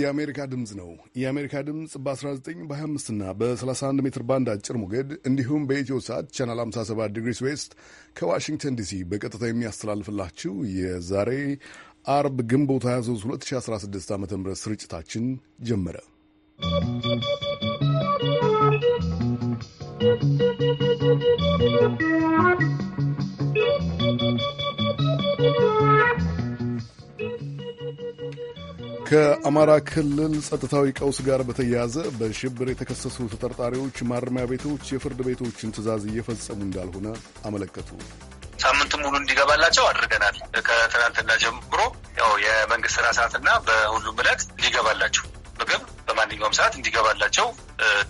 የአሜሪካ ድምፅ ነው። የአሜሪካ ድምፅ በ19 በ25 እና በ31 ሜትር ባንድ አጭር ሞገድ እንዲሁም በኢትዮ ሰዓት ቻናል 57 ዲግሪስ ዌስት ከዋሽንግተን ዲሲ በቀጥታ የሚያስተላልፍላችሁ የዛሬ አርብ ግንቦት 23 2016 ዓ ም ስርጭታችን ጀመረ። ከአማራ ክልል ጸጥታዊ ቀውስ ጋር በተያያዘ በሽብር የተከሰሱ ተጠርጣሪዎች ማረሚያ ቤቶች የፍርድ ቤቶችን ትዕዛዝ እየፈጸሙ እንዳልሆነ አመለከቱ። ሳምንት ሙሉ እንዲገባላቸው አድርገናል። ከትናንትና ጀምሮ ያው የመንግስት ስራ ሰዓትና በሁሉም ዕለት እንዲገባላቸው ምግብ በማንኛውም ሰዓት እንዲገባላቸው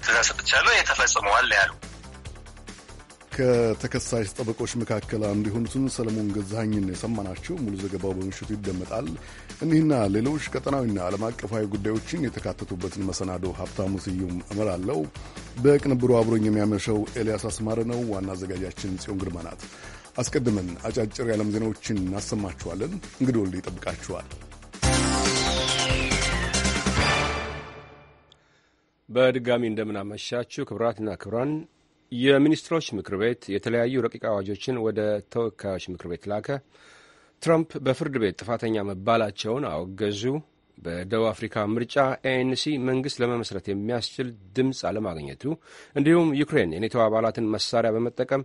ትዕዛዝ ሰጥቻለሁ። የተፈጽመዋል ያሉ ከተከሳሽ ጠበቆች መካከል አንዱ የሆኑትን ሰለሞን ገዛኸኝን የሰማናቸው ሙሉ ዘገባው በምሽቱ ይደመጣል። እኒህና ሌሎች ቀጠናዊና ዓለም አቀፋዊ ጉዳዮችን የተካተቱበትን መሰናዶ ሀብታሙ ስዩም እመራለሁ። በቅንብሩ አብሮኝ የሚያመሸው ኤልያስ አስማረ ነው። ዋና አዘጋጃችን ጽዮን ግርማ ናት። አስቀድመን አጫጭር የዓለም ዜናዎችን እናሰማችኋለን። እንግዲህ ወልደ ይጠብቃችኋል። በድጋሚ እንደምናመሻችሁ ክብራትና ክብራን የሚኒስትሮች ምክር ቤት የተለያዩ ረቂቅ አዋጆችን ወደ ተወካዮች ምክር ቤት ላከ። ትራምፕ በፍርድ ቤት ጥፋተኛ መባላቸውን አወገዙ። በደቡብ አፍሪካ ምርጫ ኤንሲ መንግስት ለመመስረት የሚያስችል ድምፅ አለማግኘቱ፣ እንዲሁም ዩክሬን የኔቶ አባላትን መሳሪያ በመጠቀም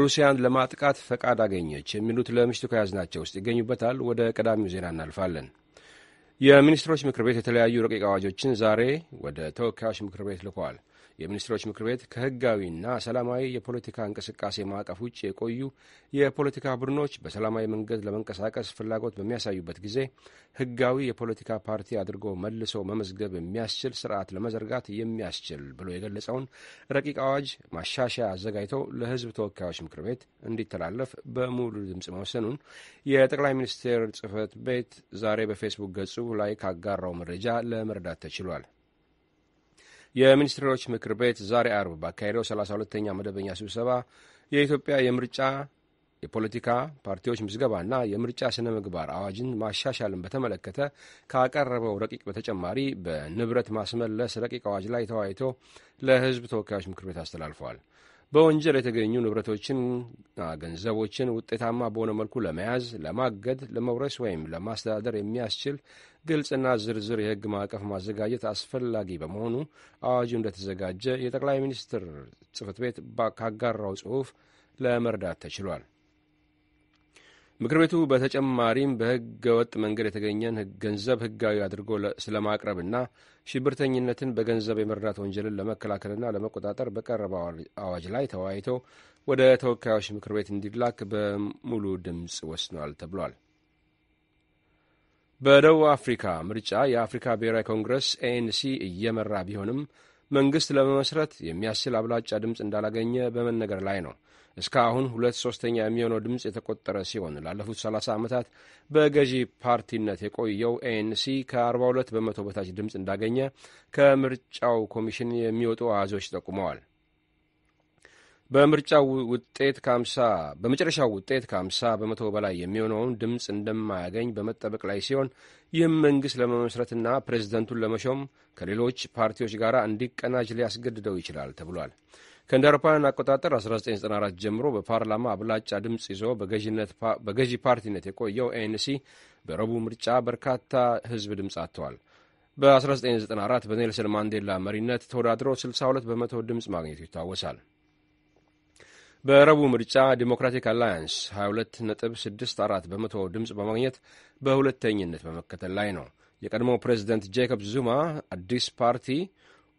ሩሲያን ለማጥቃት ፈቃድ አገኘች የሚሉት ለምሽቱ ከያዝናቸው ውስጥ ይገኙበታል። ወደ ቀዳሚው ዜና እናልፋለን። የሚኒስትሮች ምክር ቤት የተለያዩ ረቂቅ አዋጆችን ዛሬ ወደ ተወካዮች ምክር ቤት ልኳል። የሚኒስትሮች ምክር ቤት ከህጋዊና ሰላማዊ የፖለቲካ እንቅስቃሴ ማዕቀፍ ውጭ የቆዩ የፖለቲካ ቡድኖች በሰላማዊ መንገድ ለመንቀሳቀስ ፍላጎት በሚያሳዩበት ጊዜ ህጋዊ የፖለቲካ ፓርቲ አድርጎ መልሶ መመዝገብ የሚያስችል ስርዓት ለመዘርጋት የሚያስችል ብሎ የገለጸውን ረቂቅ አዋጅ ማሻሻያ አዘጋጅተው ለህዝብ ተወካዮች ምክር ቤት እንዲተላለፍ በሙሉ ድምፅ መወሰኑን የጠቅላይ ሚኒስትር ጽህፈት ቤት ዛሬ በፌስቡክ ገጹ ላይ ካጋራው መረጃ ለመረዳት ተችሏል። የሚኒስትሮች ምክር ቤት ዛሬ አርብ ባካሄደው 32ኛ መደበኛ ስብሰባ የኢትዮጵያ የምርጫ የፖለቲካ ፓርቲዎች ምዝገባና የምርጫ ስነ ምግባር አዋጅን ማሻሻልን በተመለከተ ካቀረበው ረቂቅ በተጨማሪ በንብረት ማስመለስ ረቂቅ አዋጅ ላይ ተወያይቶ ለሕዝብ ተወካዮች ምክር ቤት አስተላልፏል። በወንጀል የተገኙ ንብረቶችን፣ ገንዘቦችን ውጤታማ በሆነ መልኩ ለመያዝ፣ ለማገድ፣ ለመውረስ ወይም ለማስተዳደር የሚያስችል ግልጽና ዝርዝር የህግ ማዕቀፍ ማዘጋጀት አስፈላጊ በመሆኑ አዋጁ እንደተዘጋጀ የጠቅላይ ሚኒስትር ጽህፈት ቤት ካጋራው ጽሑፍ ለመርዳት ተችሏል። ምክር ቤቱ በተጨማሪም በህገ ወጥ መንገድ የተገኘን ገንዘብ ህጋዊ አድርጎ ስለማቅረብና ሽብርተኝነትን በገንዘብ የመርዳት ወንጀልን ለመከላከልና ለመቆጣጠር በቀረበው አዋጅ ላይ ተወያይቶ ወደ ተወካዮች ምክር ቤት እንዲላክ በሙሉ ድምፅ ወስኗል ተብሏል። በደቡብ አፍሪካ ምርጫ የአፍሪካ ብሔራዊ ኮንግረስ ኤንሲ እየመራ ቢሆንም መንግሥት ለመመስረት የሚያስችል አብላጫ ድምፅ እንዳላገኘ በመነገር ላይ ነው። እስካሁን ሁለት ሶስተኛ የሚሆነው ድምፅ የተቆጠረ ሲሆን ላለፉት 30 ዓመታት በገዢ ፓርቲነት የቆየው ኤንሲ ከ42 በመቶ በታች ድምፅ እንዳገኘ ከምርጫው ኮሚሽን የሚወጡ አዞች ጠቁመዋል። በምርጫው ውጤት ከአምሳ በመጨረሻው ውጤት ከአምሳ በመቶ በላይ የሚሆነውን ድምፅ እንደማያገኝ በመጠበቅ ላይ ሲሆን ይህም መንግሥት ለመመስረትና ፕሬዝደንቱን ለመሾም ከሌሎች ፓርቲዎች ጋር እንዲቀናጅ ሊያስገድደው ይችላል ተብሏል። ከእንደ አውሮፓውያን አቆጣጠር 1994 ጀምሮ በፓርላማ አብላጫ ድምፅ ይዞ በገዢ ፓርቲነት የቆየው ኤንሲ በረቡዕ ምርጫ በርካታ ህዝብ ድምፅ አጥተዋል። በ1994 በኔልሰን ማንዴላ መሪነት ተወዳድሮ 62 በመቶ ድምፅ ማግኘቱ ይታወሳል። በረቡ ምርጫ ዲሞክራቲክ አላያንስ 22.64 በመቶ ድምፅ በማግኘት በሁለተኝነት በመከተል ላይ ነው። የቀድሞው ፕሬዚደንት ጄኮብ ዙማ አዲስ ፓርቲ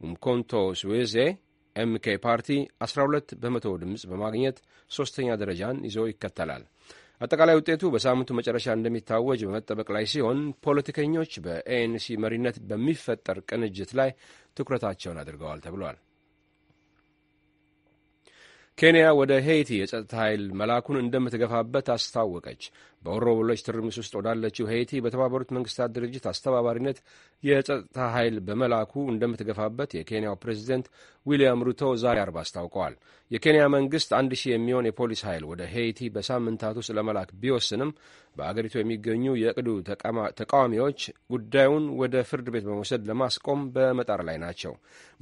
ኡምኮንቶ ስዌዜ ኤምኬ ፓርቲ 12 በመቶ ድምፅ በማግኘት ሦስተኛ ደረጃን ይዞ ይከተላል። አጠቃላይ ውጤቱ በሳምንቱ መጨረሻ እንደሚታወጅ በመጠበቅ ላይ ሲሆን ፖለቲከኞች በኤኤንሲ መሪነት በሚፈጠር ቅንጅት ላይ ትኩረታቸውን አድርገዋል ተብሏል። ኬንያ ወደ ሄይቲ የጸጥታ ኃይል መላኩን እንደምትገፋበት አስታወቀች። በወሮበሎች ትርምስ ውስጥ ወዳለችው ሄይቲ በተባበሩት መንግስታት ድርጅት አስተባባሪነት የጸጥታ ኃይል በመላኩ እንደምትገፋበት የኬንያው ፕሬዚደንት ዊልያም ሩቶ ዛሬ አርብ አስታውቀዋል። የኬንያ መንግስት አንድ ሺህ የሚሆን የፖሊስ ኃይል ወደ ሄይቲ በሳምንታት ውስጥ ለመላክ ቢወስንም በአገሪቱ የሚገኙ የእቅዱ ተቃዋሚዎች ጉዳዩን ወደ ፍርድ ቤት በመውሰድ ለማስቆም በመጣር ላይ ናቸው።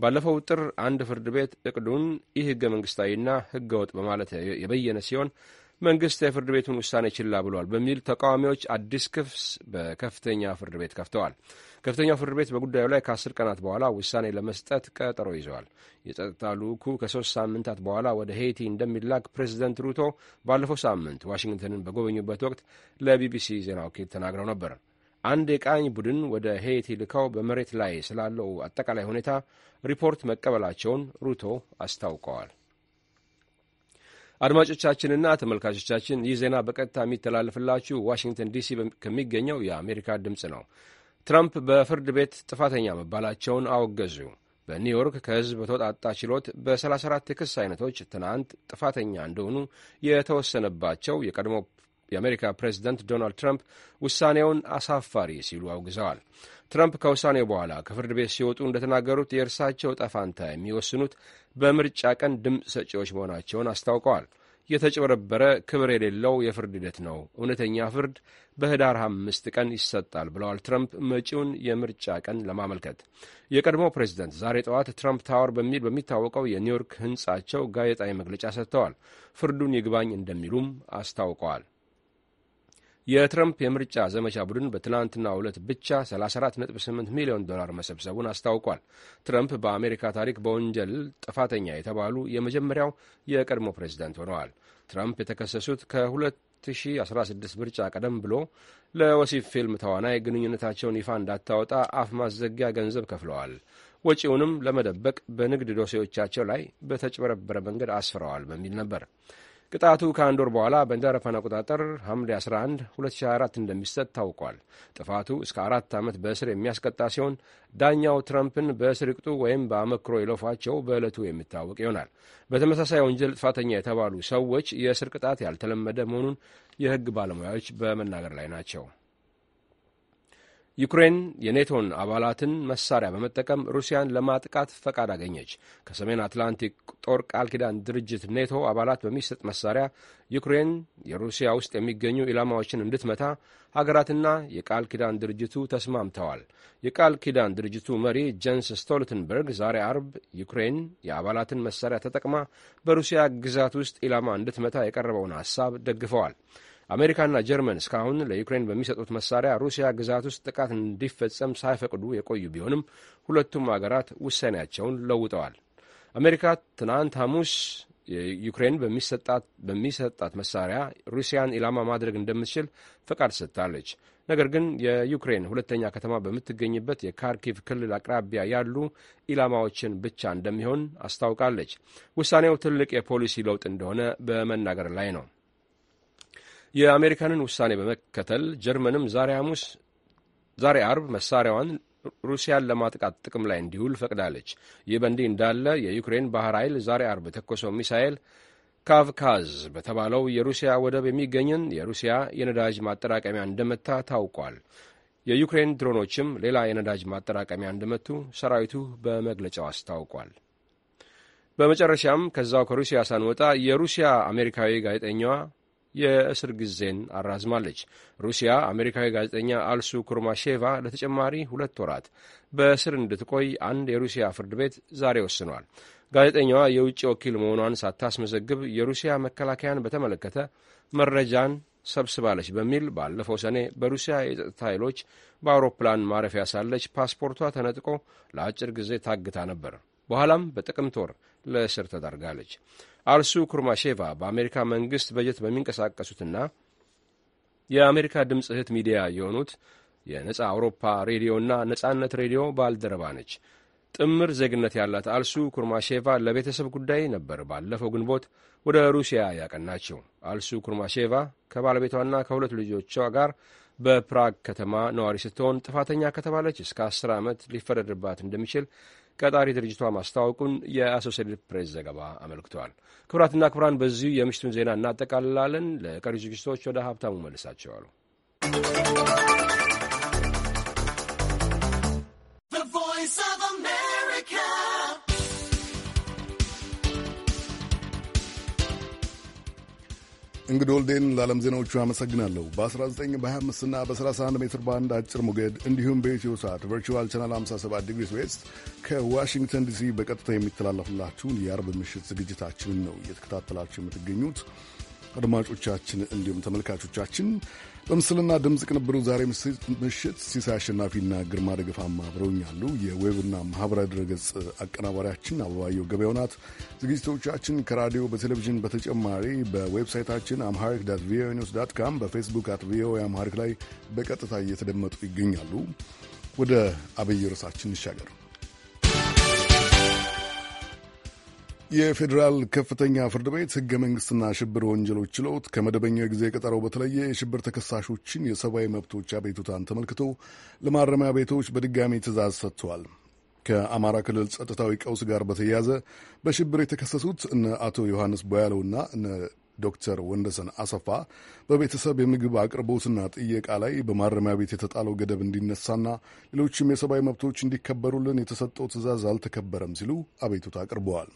ባለፈው ጥር አንድ ፍርድ ቤት እቅዱን ይህ ህገ መንግስታዊና ህገ ወጥ በማለት የበየነ ሲሆን መንግስት የፍርድ ቤቱን ውሳኔ ችላ ብሏል በሚል ተቃዋሚዎች አዲስ ክፍስ በከፍተኛ ፍርድ ቤት ከፍተዋል። ከፍተኛው ፍርድ ቤት በጉዳዩ ላይ ከአስር ቀናት በኋላ ውሳኔ ለመስጠት ቀጠሮ ይዘዋል። የጸጥታ ልዑኩ ከሶስት ሳምንታት በኋላ ወደ ሄይቲ እንደሚላክ ፕሬዚደንት ሩቶ ባለፈው ሳምንት ዋሽንግተንን በጎበኙበት ወቅት ለቢቢሲ ዜና ወኪል ተናግረው ነበር። አንድ የቃኝ ቡድን ወደ ሄይቲ ልከው በመሬት ላይ ስላለው አጠቃላይ ሁኔታ ሪፖርት መቀበላቸውን ሩቶ አስታውቀዋል። አድማጮቻችንና ተመልካቾቻችን ይህ ዜና በቀጥታ የሚተላለፍላችሁ ዋሽንግተን ዲሲ ከሚገኘው የአሜሪካ ድምፅ ነው። ትራምፕ በፍርድ ቤት ጥፋተኛ መባላቸውን አወገዙ። በኒውዮርክ ከህዝብ በተወጣጣ ችሎት በ34 የክስ አይነቶች ትናንት ጥፋተኛ እንደሆኑ የተወሰነባቸው የቀድሞ የአሜሪካ ፕሬዚደንት ዶናልድ ትራምፕ ውሳኔውን አሳፋሪ ሲሉ አውግዘዋል። ትራምፕ ከውሳኔው በኋላ ከፍርድ ቤት ሲወጡ እንደተናገሩት የእርሳቸው ጠፋንታ የሚወስኑት በምርጫ ቀን ድምፅ ሰጪዎች መሆናቸውን አስታውቀዋል። የተጭበረበረ ክብር የሌለው የፍርድ ሂደት ነው። እውነተኛ ፍርድ በህዳር አምስት ቀን ይሰጣል ብለዋል ትረምፕ መጪውን የምርጫ ቀን ለማመልከት። የቀድሞው ፕሬዚደንት ዛሬ ጠዋት ትረምፕ ታወር በሚል በሚታወቀው የኒውዮርክ ህንጻቸው ጋዜጣዊ መግለጫ ሰጥተዋል። ፍርዱን ይግባኝ እንደሚሉም አስታውቀዋል። የትረምፕ የምርጫ ዘመቻ ቡድን በትናንትና ዕለት ብቻ 34.8 ሚሊዮን ዶላር መሰብሰቡን አስታውቋል። ትረምፕ በአሜሪካ ታሪክ በወንጀል ጥፋተኛ የተባሉ የመጀመሪያው የቀድሞ ፕሬዚዳንት ሆነዋል። ትራምፕ የተከሰሱት ከ2016 ምርጫ ቀደም ብሎ ለወሲብ ፊልም ተዋናይ ግንኙነታቸውን ይፋ እንዳታወጣ አፍ ማዘጊያ ገንዘብ ከፍለዋል። ወጪውንም ለመደበቅ በንግድ ዶሴዎቻቸው ላይ በተጭበረበረ መንገድ አስፍረዋል በሚል ነበር። ቅጣቱ ከአንድ ወር በኋላ በኢንዳረፋን አቆጣጠር ሐምሌ 11 2024 እንደሚሰጥ ታውቋል። ጥፋቱ እስከ አራት ዓመት በእስር የሚያስቀጣ ሲሆን ዳኛው ትራምፕን በእስር ይቅጡ ወይም በአመክሮ የለፏቸው በዕለቱ የሚታወቅ ይሆናል። በተመሳሳይ ወንጀል ጥፋተኛ የተባሉ ሰዎች የእስር ቅጣት ያልተለመደ መሆኑን የሕግ ባለሙያዎች በመናገር ላይ ናቸው። ዩክሬን የኔቶን አባላትን መሳሪያ በመጠቀም ሩሲያን ለማጥቃት ፈቃድ አገኘች። ከሰሜን አትላንቲክ ጦር ቃል ኪዳን ድርጅት ኔቶ አባላት በሚሰጥ መሳሪያ ዩክሬን የሩሲያ ውስጥ የሚገኙ ኢላማዎችን እንድትመታ ሀገራትና የቃል ኪዳን ድርጅቱ ተስማምተዋል። የቃል ኪዳን ድርጅቱ መሪ ጀንስ ስቶልትንበርግ ዛሬ አርብ ዩክሬን የአባላትን መሳሪያ ተጠቅማ በሩሲያ ግዛት ውስጥ ኢላማ እንድትመታ የቀረበውን ሀሳብ ደግፈዋል። አሜሪካና ጀርመን እስካሁን ለዩክሬን በሚሰጡት መሳሪያ ሩሲያ ግዛት ውስጥ ጥቃት እንዲፈጸም ሳይፈቅዱ የቆዩ ቢሆንም ሁለቱም አገራት ውሳኔያቸውን ለውጠዋል። አሜሪካ ትናንት ሐሙስ ዩክሬን በሚሰጣት መሳሪያ ሩሲያን ኢላማ ማድረግ እንደምትችል ፈቃድ ሰጥታለች። ነገር ግን የዩክሬን ሁለተኛ ከተማ በምትገኝበት የካርኪቭ ክልል አቅራቢያ ያሉ ኢላማዎችን ብቻ እንደሚሆን አስታውቃለች። ውሳኔው ትልቅ የፖሊሲ ለውጥ እንደሆነ በመናገር ላይ ነው። የአሜሪካንን ውሳኔ በመከተል ጀርመንም ዛሬ ሐሙስ ዛሬ አርብ መሳሪያዋን ሩሲያን ለማጥቃት ጥቅም ላይ እንዲውል ፈቅዳለች። ይህ በእንዲህ እንዳለ የዩክሬን ባህር ኃይል ዛሬ አርብ የተኮሰው ሚሳኤል ካቭካዝ በተባለው የሩሲያ ወደብ የሚገኝን የሩሲያ የነዳጅ ማጠራቀሚያ እንደመታ ታውቋል። የዩክሬን ድሮኖችም ሌላ የነዳጅ ማጠራቀሚያ እንደመቱ ሰራዊቱ በመግለጫው አስታውቋል። በመጨረሻም ከዛው ከሩሲያ ሳንወጣ የሩሲያ አሜሪካዊ ጋዜጠኛዋ የእስር ጊዜን አራዝማለች። ሩሲያ አሜሪካዊ ጋዜጠኛ አልሱ ኩርማሼቫ ለተጨማሪ ሁለት ወራት በእስር እንድትቆይ አንድ የሩሲያ ፍርድ ቤት ዛሬ ወስኗል። ጋዜጠኛዋ የውጭ ወኪል መሆኗን ሳታስመዘግብ የሩሲያ መከላከያን በተመለከተ መረጃን ሰብስባለች በሚል ባለፈው ሰኔ በሩሲያ የጸጥታ ኃይሎች በአውሮፕላን ማረፊያ ሳለች ፓስፖርቷ ተነጥቆ ለአጭር ጊዜ ታግታ ነበር። በኋላም በጥቅምት ወር ለእስር ተዳርጋለች። አርሱ ኩርማሼቫ በአሜሪካ መንግስት በጀት በሚንቀሳቀሱትና የአሜሪካ ድምፅ እህት ሚዲያ የሆኑት የነጻ አውሮፓ ሬዲዮና ነጻነት ሬዲዮ ባልደረባ ነች። ጥምር ዜግነት ያላት አልሱ ኩርማሼቫ ለቤተሰብ ጉዳይ ነበር ባለፈው ግንቦት ወደ ሩሲያ ያቀናቸው። አልሱ ኩርማሼቫ ከባለቤቷና ከሁለት ልጆቿ ጋር በፕራግ ከተማ ነዋሪ ስትሆን ጥፋተኛ ከተባለች እስከ አስር ዓመት ሊፈረድባት እንደሚችል ቀጣሪ ድርጅቷ ማስታወቁን የአሶሴትድ ፕሬስ ዘገባ አመልክቷል። ክቡራትና ክቡራን፣ በዚሁ የምሽቱን ዜና እናጠቃልላለን። ለቀሪ ዝግጅቶች ወደ ሀብታሙ መልሳቸዋሉ። እንግዲህ ወልዴን ለዓለም ዜናዎቹ አመሰግናለሁ። በ19 በ25 እና በ31 ሜትር ባንድ አጭር ሞገድ እንዲሁም በኢትዮ ሰዓት ቨርቹዋል ቻናል 57 ዲግሪ ዌስት ከዋሽንግተን ዲሲ በቀጥታ የሚተላለፍላችሁን የአርብ ምሽት ዝግጅታችንን ነው እየተከታተላችሁ የምትገኙት። አድማጮቻችን እንዲሁም ተመልካቾቻችን በምስልና ድምፅ ቅንብሩ ዛሬ ምሽት ሲሳይ አሸናፊና ግርማ ደገፋማ አብረውኛሉ። የዌብና ማህበራዊ ድረገጽ አቀናባሪያችን አበባየው ገበያው ናት። ዝግጅቶቻችን ከራዲዮ በቴሌቪዥን በተጨማሪ በዌብሳይታችን አምሃሪክ ዳት ቪኦኤ ኒውስ ዳት ካም፣ በፌስቡክ አት ቪኦኤ አምሃሪክ ላይ በቀጥታ እየተደመጡ ይገኛሉ። ወደ አብይ ርዕሳችን እንሻገር። የፌዴራል ከፍተኛ ፍርድ ቤት ህገ መንግስትና ሽብር ወንጀሎች ችሎት ከመደበኛው ጊዜ ቀጠረው በተለየ የሽብር ተከሳሾችን የሰብአዊ መብቶች አቤቱታን ተመልክቶ ለማረሚያ ቤቶች በድጋሚ ትእዛዝ ሰጥተዋል። ከአማራ ክልል ጸጥታዊ ቀውስ ጋር በተያያዘ በሽብር የተከሰሱት እነ አቶ ዮሐንስ ቦያለውና እነ ዶክተር ወንደሰን አሰፋ በቤተሰብ የምግብ አቅርቦትና ጥየቃ ላይ በማረሚያ ቤት የተጣለው ገደብ እንዲነሳና ሌሎችም የሰብአዊ መብቶች እንዲከበሩልን የተሰጠው ትእዛዝ አልተከበረም ሲሉ አቤቱታ አቅርበዋል።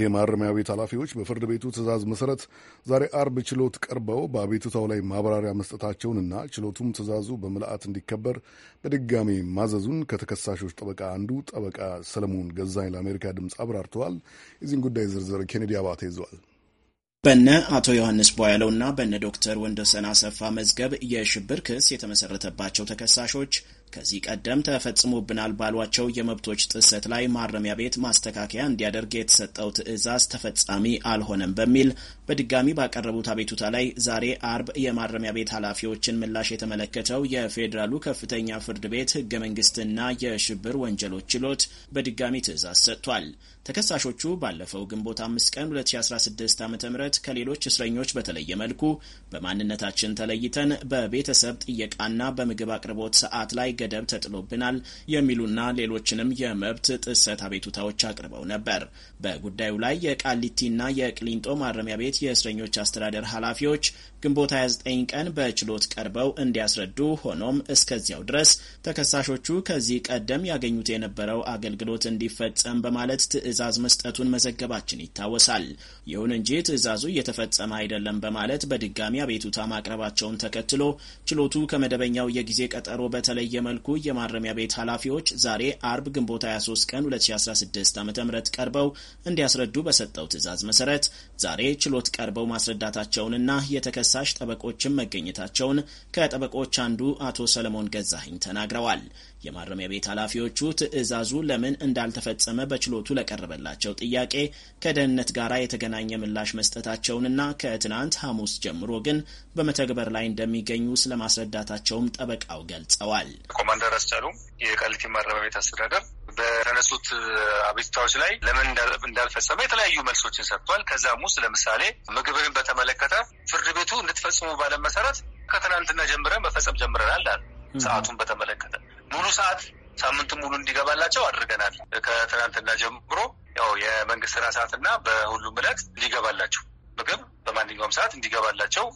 የማረሚያ ቤት ኃላፊዎች በፍርድ ቤቱ ትዕዛዝ መሰረት ዛሬ አርብ ችሎት ቀርበው በአቤቱታው ላይ ማብራሪያ መስጠታቸውንና ችሎቱም ትእዛዙ በምልአት እንዲከበር በድጋሚ ማዘዙን ከተከሳሾች ጠበቃ አንዱ ጠበቃ ሰለሞን ገዛኝ ለአሜሪካ ድምፅ አብራርተዋል። የዚህን ጉዳይ ዝርዝር ኬኔዲ አባተ ይዘዋል። በነ አቶ ዮሐንስ ቧያለውና በነ ዶክተር ወንደሰን አሰፋ መዝገብ የሽብር ክስ የተመሰረተባቸው ተከሳሾች ከዚህ ቀደም ተፈጽሞብናል ባሏቸው የመብቶች ጥሰት ላይ ማረሚያ ቤት ማስተካከያ እንዲያደርግ የተሰጠው ትዕዛዝ ተፈጻሚ አልሆነም በሚል በድጋሚ ባቀረቡት አቤቱታ ላይ ዛሬ አርብ የማረሚያ ቤት ኃላፊዎችን ምላሽ የተመለከተው የፌዴራሉ ከፍተኛ ፍርድ ቤት ህገ መንግስትና የሽብር ወንጀሎች ችሎት በድጋሚ ትዕዛዝ ሰጥቷል። ተከሳሾቹ ባለፈው ግንቦት አምስት ቀን 2016 ዓ ም ከሌሎች እስረኞች በተለየ መልኩ በማንነታችን ተለይተን በቤተሰብ ጥየቃና በምግብ አቅርቦት ሰዓት ላይ ገደብ ተጥሎብናል የሚሉና ሌሎችንም የመብት ጥሰት አቤቱታዎች አቅርበው ነበር። በጉዳዩ ላይ የቃሊቲና የቅሊንጦ ማረሚያ ቤት የእስረኞች አስተዳደር ኃላፊዎች ግንቦት 29 ቀን በችሎት ቀርበው እንዲያስረዱ ሆኖም እስከዚያው ድረስ ተከሳሾቹ ከዚህ ቀደም ያገኙት የነበረው አገልግሎት እንዲፈጸም በማለት ትዕዛዝ መስጠቱን መዘገባችን ይታወሳል። ይሁን እንጂ ትዕዛዙ እየተፈጸመ አይደለም በማለት በድጋሚ አቤቱታ ማቅረባቸውን ተከትሎ ችሎቱ ከመደበኛው የጊዜ ቀጠሮ በተለየ መልኩ የማረሚያ ቤት ኃላፊዎች ዛሬ አርብ ግንቦት 23 ቀን 2016 ዓ ም ቀርበው እንዲያስረዱ በሰጠው ትዕዛዝ መሰረት ዛሬ ችሎት ቀርበው ማስረዳታቸውንና የተከ ተከሳሽ ጠበቆችም መገኘታቸውን ከጠበቆች አንዱ አቶ ሰለሞን ገዛህኝ ተናግረዋል። የማረሚያ ቤት ኃላፊዎቹ ትዕዛዙ ለምን እንዳልተፈጸመ በችሎቱ ለቀረበላቸው ጥያቄ ከደህንነት ጋር የተገናኘ ምላሽ መስጠታቸውንና ከትናንት ሐሙስ ጀምሮ ግን በመተግበር ላይ እንደሚገኙ ስለማስረዳታቸውም ጠበቃው ገልጸዋል። ኮማንደር አስቻሉ የቃሊቲ ማረሚያ ቤት አስተዳደር በተነሱት አቤቱታዎች ላይ ለምን እንዳልፈጸመ የተለያዩ መልሶችን ሰጥቷል። ከዛም ውስጥ ለምሳሌ ምግብን በተመለከተ ፍርድ ቤቱ እንድትፈጽሙ ባለመሰረት ከትናንትና ጀምረን መፈጸም ጀምረናል አሉ። ሰዓቱን በተመለከተ ሙሉ ሰዓት ሳምንቱ ሙሉ እንዲገባላቸው አድርገናል። ከትናንትና ጀምሮ ያው የመንግስት ስራ ሰዓትና በሁሉም ዕለት እንዲገባላቸው ምግብ በማንኛውም ሰዓት እንዲገባላቸው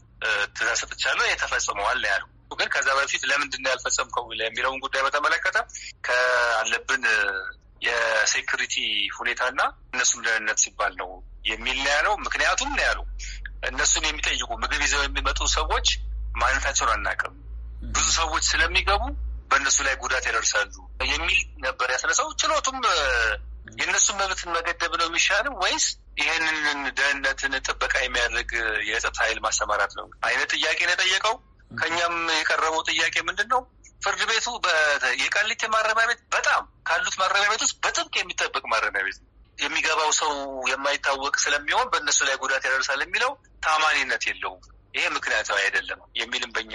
ትእዛዝ ሰጥቻለሁ። የተፈጽመዋል ነው ያሉ ግን ከዛ በፊት ለምንድን ነው ያልፈጸምከው የሚለውን ጉዳይ በተመለከተ ከአለብን የሴኩሪቲ ሁኔታና እነሱም ደህንነት ሲባል ነው የሚል ያለው። ምክንያቱም ነው ያሉ እነሱን የሚጠይቁ ምግብ ይዘው የሚመጡ ሰዎች ማንነታቸውን አናውቅም፣ ብዙ ሰዎች ስለሚገቡ በእነሱ ላይ ጉዳት ያደርሳሉ የሚል ነበር ያስነሳው። ችሎቱም የእነሱን መብትን መገደብ ነው የሚሻልም ወይስ ይህንን ደህንነትን ጥበቃ የሚያደርግ የጸጥታ ኃይል ማሰማራት ነው አይነት ጥያቄ ነው የጠየቀው። ከኛም የቀረበው ጥያቄ ምንድን ነው? ፍርድ ቤቱ የቃሊቲ ማረሚያ ቤት በጣም ካሉት ማረሚያ ቤት ውስጥ በጥብቅ የሚጠበቅ ማረሚያ ቤት ነው። የሚገባው ሰው የማይታወቅ ስለሚሆን በእነሱ ላይ ጉዳት ያደርሳል የሚለው ታማኒነት የለውም። ይሄ ምክንያታዊ አይደለም የሚልም በኛ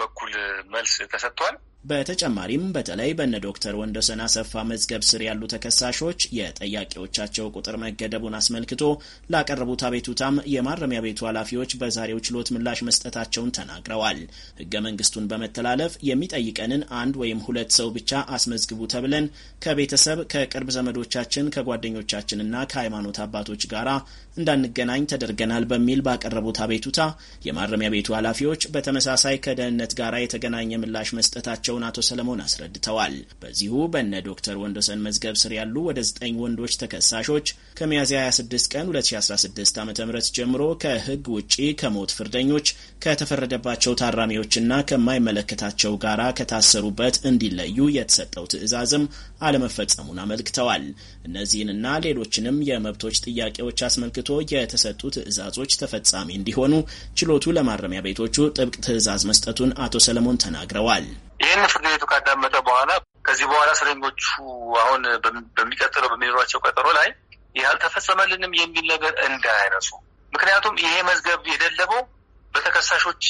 በኩል መልስ ተሰጥቷል። በተጨማሪም በተለይ በነ ዶክተር ወንደሰን አሰፋ መዝገብ ስር ያሉ ተከሳሾች የጠያቂዎቻቸው ቁጥር መገደቡን አስመልክቶ ላቀረቡት አቤቱታም የማረሚያ ቤቱ ኃላፊዎች በዛሬው ችሎት ምላሽ መስጠታቸውን ተናግረዋል። ህገ መንግስቱን በመተላለፍ የሚጠይቀንን አንድ ወይም ሁለት ሰው ብቻ አስመዝግቡ ተብለን ከቤተሰብ ከቅርብ ዘመዶቻችን ከጓደኞቻችንና ከሃይማኖት አባቶች ጋራ እንዳንገናኝ ተደርገናል በሚል ባቀረቡት አቤቱታ የማረሚያ ቤቱ ኃላፊዎች በተመሳሳይ ከደህንነት ጋር የተገናኘ ምላሽ መስጠታቸውን አቶ ሰለሞን አስረድተዋል። በዚሁ በነ ዶክተር ወንዶሰን መዝገብ ስር ያሉ ወደ ዘጠኝ ወንዶች ተከሳሾች ከሚያዝያ 26 ቀን 2016 ዓ ም ጀምሮ ከህግ ውጪ ከሞት ፍርደኞች ከተፈረደባቸው ታራሚዎችና ከማይመለከታቸው ጋራ ከታሰሩበት እንዲለዩ የተሰጠው ትዕዛዝም አለመፈጸሙን አመልክተዋል። እነዚህንና ሌሎችንም የመብቶች ጥያቄዎች አስመልክቶ የተሰጡ ትዕዛዞች ተፈጻሚ እንዲሆኑ ችሎቱ ለማረሚያ ቤቶቹ ጥብቅ ትዕዛዝ መስጠቱን አቶ ሰለሞን ተናግረዋል። ይህን ፍርድ ቤቱ ካዳመጠ በኋላ ከዚህ በኋላ እስረኞቹ አሁን በሚቀጥለው በሚኖሯቸው ቀጠሮ ላይ ይህ አልተፈጸመልንም የሚል ነገር እንዳያነሱ። ምክንያቱም ይሄ መዝገብ የደለበው በተከሳሾች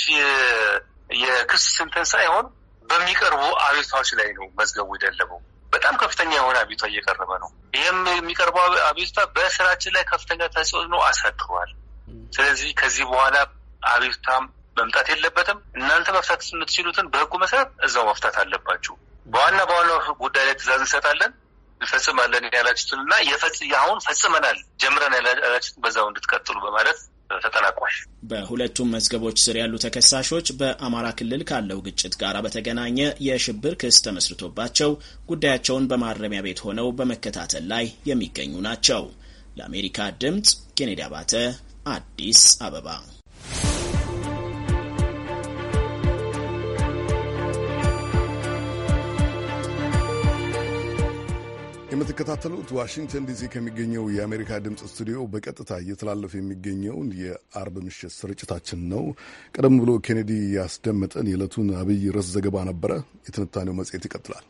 የክስ ስንትን ሳይሆን በሚቀርቡ አቤቱታዎች ላይ ነው መዝገቡ የደለበው። በጣም ከፍተኛ የሆነ አቤቷ እየቀረበ ነው። ይህም የሚቀርበው አቤቱታ በስራችን ላይ ከፍተኛ ተጽዕኖ አሳድሯል። ስለዚህ ከዚህ በኋላ አቤቱታም መምጣት የለበትም። እናንተ መፍታት የምትችሉትን በህጉ መሰረት እዛው መፍታት አለባችሁ። በዋና በዋና ጉዳይ ላይ ትእዛዝ እንሰጣለን እንፈጽማለን ያላችሁትን እና አሁን ፈጽመናል ጀምረን ያላችሁትን በዛው እንድትቀጥሉ በማለት ተጠናቋል። በሁለቱም መዝገቦች ስር ያሉ ተከሳሾች በአማራ ክልል ካለው ግጭት ጋር በተገናኘ የሽብር ክስ ተመስርቶባቸው ጉዳያቸውን በማረሚያ ቤት ሆነው በመከታተል ላይ የሚገኙ ናቸው። ለአሜሪካ ድምፅ ኬኔዲ አባተ አዲስ አበባ የምትከታተሉት ዋሽንግተን ዲሲ ከሚገኘው የአሜሪካ ድምፅ ስቱዲዮ በቀጥታ እየተላለፈ የሚገኘውን የአርብ ምሽት ስርጭታችን ነው። ቀደም ብሎ ኬኔዲ ያስደመጠን የዕለቱን አብይ ርዕስ ዘገባ ነበረ። የትንታኔው መጽሔት ይቀጥላል።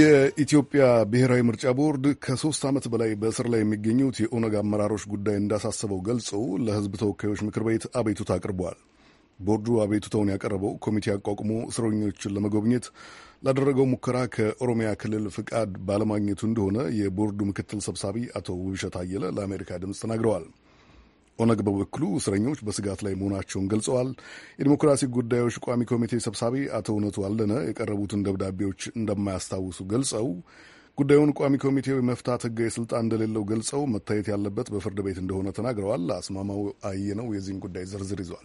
የኢትዮጵያ ብሔራዊ ምርጫ ቦርድ ከሶስት ዓመት በላይ በእስር ላይ የሚገኙት የኦነግ አመራሮች ጉዳይ እንዳሳሰበው ገልጾ ለሕዝብ ተወካዮች ምክር ቤት አቤቱታ አቅርቧል። ቦርዱ አቤቱታውን ያቀረበው ኮሚቴ አቋቁሞ እስረኞችን ለመጎብኘት ላደረገው ሙከራ ከኦሮሚያ ክልል ፍቃድ ባለማግኘቱ እንደሆነ የቦርዱ ምክትል ሰብሳቢ አቶ ውብሸት አየለ ለአሜሪካ ድምፅ ተናግረዋል። ኦነግ በበኩሉ እስረኞች በስጋት ላይ መሆናቸውን ገልጸዋል። የዲሞክራሲ ጉዳዮች ቋሚ ኮሚቴ ሰብሳቢ አቶ እውነቱ አለነ የቀረቡትን ደብዳቤዎች እንደማያስታውሱ ገልጸው ጉዳዩን ቋሚ ኮሚቴው የመፍታት ሕጋዊ ስልጣን እንደሌለው ገልጸው መታየት ያለበት በፍርድ ቤት እንደሆነ ተናግረዋል። አስማማው አየነው የዚህን ጉዳይ ዝርዝር ይዟል።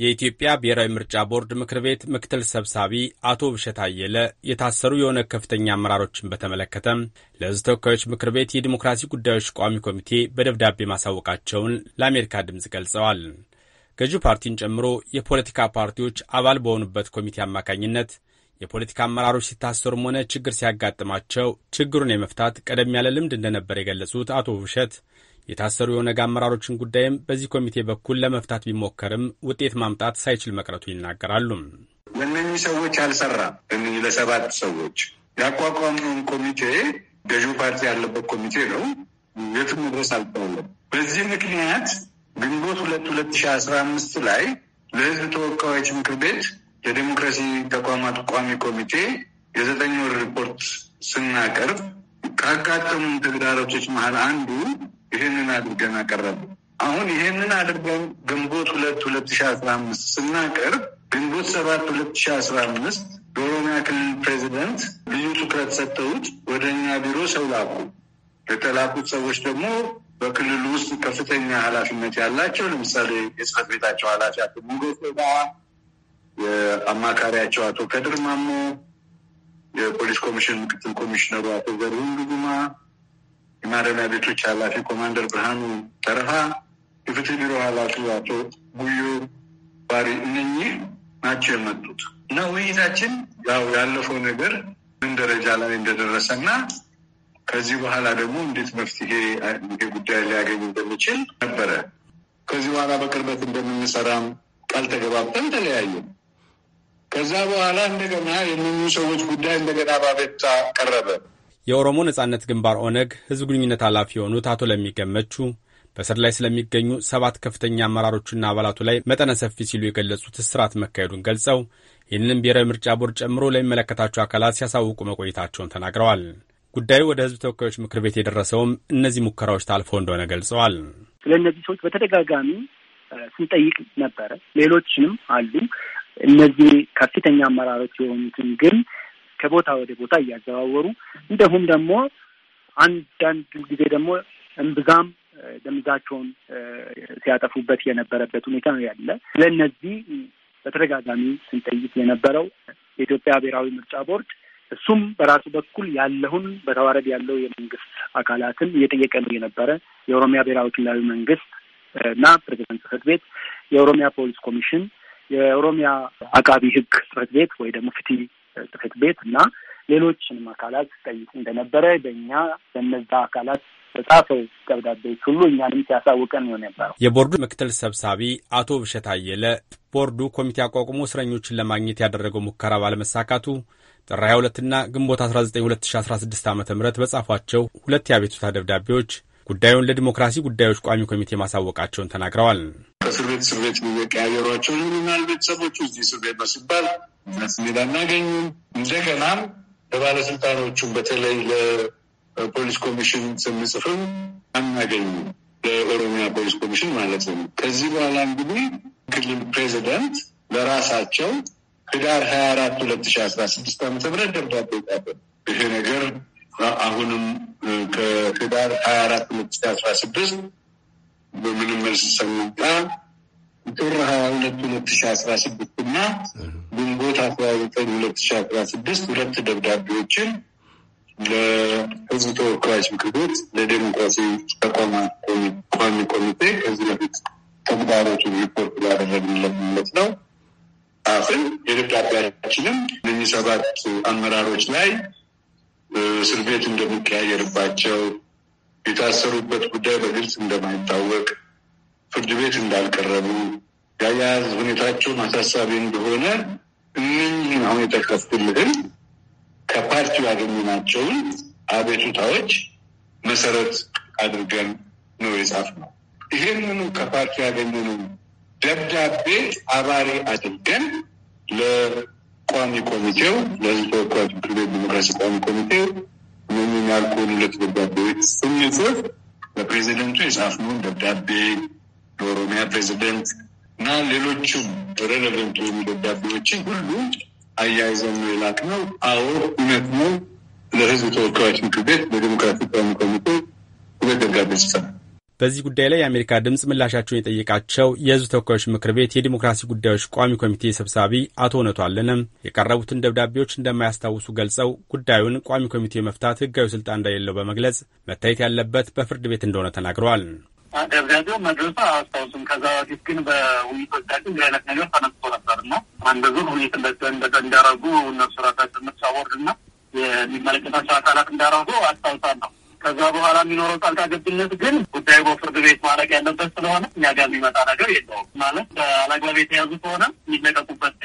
የኢትዮጵያ ብሔራዊ ምርጫ ቦርድ ምክር ቤት ምክትል ሰብሳቢ አቶ ብሸት አየለ የታሰሩ የኦነግ ከፍተኛ አመራሮችን በተመለከተም ለሕዝብ ተወካዮች ምክር ቤት የዲሞክራሲ ጉዳዮች ቋሚ ኮሚቴ በደብዳቤ ማሳወቃቸውን ለአሜሪካ ድምፅ ገልጸዋል። ገዢው ፓርቲን ጨምሮ የፖለቲካ ፓርቲዎች አባል በሆኑበት ኮሚቴ አማካኝነት የፖለቲካ አመራሮች ሲታሰሩም ሆነ ችግር ሲያጋጥማቸው ችግሩን የመፍታት ቀደም ያለ ልምድ እንደነበር የገለጹት አቶ ብሸት የታሰሩ የኦነግ አመራሮችን ጉዳይም በዚህ ኮሚቴ በኩል ለመፍታት ቢሞከርም ውጤት ማምጣት ሳይችል መቅረቱ ይናገራሉ። ለእነኚህ ሰዎች አልሰራም። እነኚህ ለሰባት ሰዎች ያቋቋምነውን ኮሚቴ ገዢው ፓርቲ ያለበት ኮሚቴ ነው። የትም መድረስ አልቻለም። በዚህ ምክንያት ግንቦት ሁለት ሁለት ሺህ አስራ አምስት ላይ ለህዝብ ተወካዮች ምክር ቤት የዴሞክራሲ ተቋማት ቋሚ ኮሚቴ የዘጠኝ ወር ሪፖርት ስናቀርብ ካጋጠሙን ተግዳሮቶች መሀል አንዱ ይህንን አድርገን አቀረቡ። አሁን ይህንን አድርገን ግንቦት ሁለት ሁለት ሺ አስራ አምስት ስናቀርብ ግንቦት ሰባት ሁለት ሺ አስራ አምስት በኦሮሚያ ክልል ፕሬዚደንት ልዩ ትኩረት ሰጥተውት ወደ እኛ ቢሮ ሰው ላኩ። የተላኩት ሰዎች ደግሞ በክልሉ ውስጥ ከፍተኛ ኃላፊነት ያላቸው ለምሳሌ የጽህፈት ቤታቸው ኃላፊ አቶ ሞገስ የአማካሪያቸው አቶ ከድር ማሞ፣ የፖሊስ ኮሚሽን ምክትል ኮሚሽነሩ አቶ ዘርሁን ጉማ የማረሚያ ቤቶች ኃላፊ ኮማንደር ብርሃኑ ተረፋ፣ የፍትህ ቢሮ ኃላፊው አቶ ጉዮ ባሪ እነኚህ ናቸው የመጡት እና ውይይታችን ያው ያለፈው ነገር ምን ደረጃ ላይ እንደደረሰ እና ከዚህ በኋላ ደግሞ እንዴት መፍትሄ ጉዳይ ሊያገኝ እንደሚችል ነበረ። ከዚህ በኋላ በቅርበት እንደምንሰራም ቃል ተገባብተን ተለያየ። ከዛ በኋላ እንደገና የእነኚህ ሰዎች ጉዳይ እንደገና ባቤታ ቀረበ። የኦሮሞ ነጻነት ግንባር ኦነግ ህዝብ ግንኙነት ኃላፊ የሆኑት አቶ ለሚገመቹ በስር ላይ ስለሚገኙ ሰባት ከፍተኛ አመራሮችና አባላቱ ላይ መጠነ ሰፊ ሲሉ የገለጹት እስራት መካሄዱን ገልጸው ይህንን ብሔራዊ ምርጫ ቦርድ ጨምሮ ለሚመለከታቸው አካላት ሲያሳውቁ መቆየታቸውን ተናግረዋል። ጉዳዩ ወደ ህዝብ ተወካዮች ምክር ቤት የደረሰውም እነዚህ ሙከራዎች ታልፈው እንደሆነ ገልጸዋል። ስለ እነዚህ ሰዎች በተደጋጋሚ ስንጠይቅ ነበረ። ሌሎችንም አሉ። እነዚህ ከፍተኛ አመራሮች የሆኑትን ግን ከቦታ ወደ ቦታ እያዘዋወሩ እንደሁም ደግሞ አንዳንድ ጊዜ ደግሞ እምብዛም ደምዛቸውን ሲያጠፉበት የነበረበት ሁኔታ ነው ያለ። ለእነዚህ በተደጋጋሚ ስንጠይቅ የነበረው የኢትዮጵያ ብሔራዊ ምርጫ ቦርድ እሱም በራሱ በኩል ያለውን በተዋረድ ያለው የመንግስት አካላትን እየጠየቀ ነው የነበረ የኦሮሚያ ብሔራዊ ክልላዊ መንግስት እና ፕሬዚደንት ጽህፈት ቤት፣ የኦሮሚያ ፖሊስ ኮሚሽን፣ የኦሮሚያ አቃቢ ህግ ጽህፈት ቤት ወይ ደግሞ ፍትህ ጽሕፈት ቤት እና ሌሎችንም አካላት ጠይቅ እንደነበረ በእኛ በነዛ አካላት በጻፈው ደብዳቤዎች ሁሉ እኛንም ሲያሳውቀን ነው ነበረው። የቦርዱ ምክትል ሰብሳቢ አቶ ብሸት አየለ ቦርዱ ኮሚቴ አቋቁሞ እስረኞችን ለማግኘት ያደረገው ሙከራ ባለመሳካቱ ጥር 22ና ግንቦት 19 2016 ዓ ም በጻፏቸው ሁለት የአቤቱታ ደብዳቤዎች ጉዳዩን ለዲሞክራሲ ጉዳዮች ቋሚ ኮሚቴ ማሳወቃቸውን ተናግረዋል። እስር ቤት እስር ቤት እየቀያየሯቸው ይሆናል። ቤተሰቦቹ እዚህ እስር ቤት ነው ሲባል ሜዳ እናገኙም። እንደገናም ለባለስልጣኖቹም በተለይ ለፖሊስ ኮሚሽን ስንጽፍም አናገኙም። ለኦሮሚያ ፖሊስ ኮሚሽን ማለት ነው። ከዚህ በኋላ እንግዲህ ክልል ፕሬዚደንት ለራሳቸው ህዳር ሀያ አራት ሁለት ሺ አስራ ስድስት ዓመተ ምህረት ደብዳቤ ጻፈ። ይሄ ነገር አሁንም ከህዳር ሀያ አራት ሁለት ሺ አስራ ስድስት በምንም መልስ ሰሙኛ ጥር ሀያ ሁለት ሁለት ሺ አስራ ስድስት እና ግንቦት አስራ ዘጠኝ ሁለት ሺ አስራ ስድስት ሁለት ደብዳቤዎችን ለህዝብ ተወካዮች ምክር ቤት ለዴሞክራሲ ተቋማት ቋሚ ኮሚቴ ከዚህ በፊት ተግዳሮቱን ሪፖርት ላደረግንለት ነው አፍን የደብዳቤያችንም እነዚህ ሰባት አመራሮች ላይ እስር ቤት እንደሚቀያየርባቸው፣ የታሰሩበት ጉዳይ በግልጽ እንደማይታወቅ፣ ፍርድ ቤት እንዳልቀረቡ፣ የአያያዝ ሁኔታቸው አሳሳቢ እንደሆነ እነኝህን አሁን የጠቀስኩልህን ከፓርቲው ያገኘናቸውን አቤቱታዎች መሰረት አድርገን ነው የጻፍነው። ይህንኑ ከፓርቲው ያገኘነው ደብዳቤ አባሪ አድርገን ቋሚ ኮሚቴው ለህዝብ ተወካዮች ምክር ቤት ዲሞክራሲ ቋሚ ኮሚቴው እነኝን ያልኮንለት ደብዳቤዎች ስንጽፍ ለፕሬዚደንቱ የጻፍነውን ደብዳቤ ለኦሮሚያ ፕሬዚደንት እና ሌሎችም ሬሌቨንት የሆኑ ደብዳቤዎችን ሁሉ አያይዘን ነው የላክነው። አዎ እውነት ነው። ለህዝብ ተወካዮች ምክር ቤት ለዲሞክራሲ ቋሚ ኮሚቴ ሁለት ደብዳቤ ጽፈናል። በዚህ ጉዳይ ላይ የአሜሪካ ድምፅ ምላሻቸውን የጠየቃቸው የህዝብ ተወካዮች ምክር ቤት የዲሞክራሲ ጉዳዮች ቋሚ ኮሚቴ ሰብሳቢ አቶ እውነቱ አለንም የቀረቡትን ደብዳቤዎች እንደማያስታውሱ ገልጸው ጉዳዩን ቋሚ ኮሚቴ መፍታት ህጋዊ ስልጣን እንደሌለው በመግለጽ መታየት ያለበት በፍርድ ቤት እንደሆነ ተናግረዋል። ደብዳቤው መድረሱ አያስታውሱም። ከዛ በፊት ግን በውይይቶቻችን እንዲህ አይነት ነገር ተነስቶ ነበር ነው አንድ ዙር ውይይት እንዳረጉ እነሱ ራሳቸው ምርጫ ቦርድ እና የሚመለከታቸው አካላት እንዳረጉ አስታውሳለሁ። ከዛ በኋላ የሚኖረው ጣልቃ ገብነት ግን ጉዳዩ በፍርድ ቤት ማድረግ ያለበት ስለሆነ እኛ ጋር የሚመጣ ነገር የለውም። ማለት በአላግባብ የተያዙ ከሆነ የሚለቀቁበት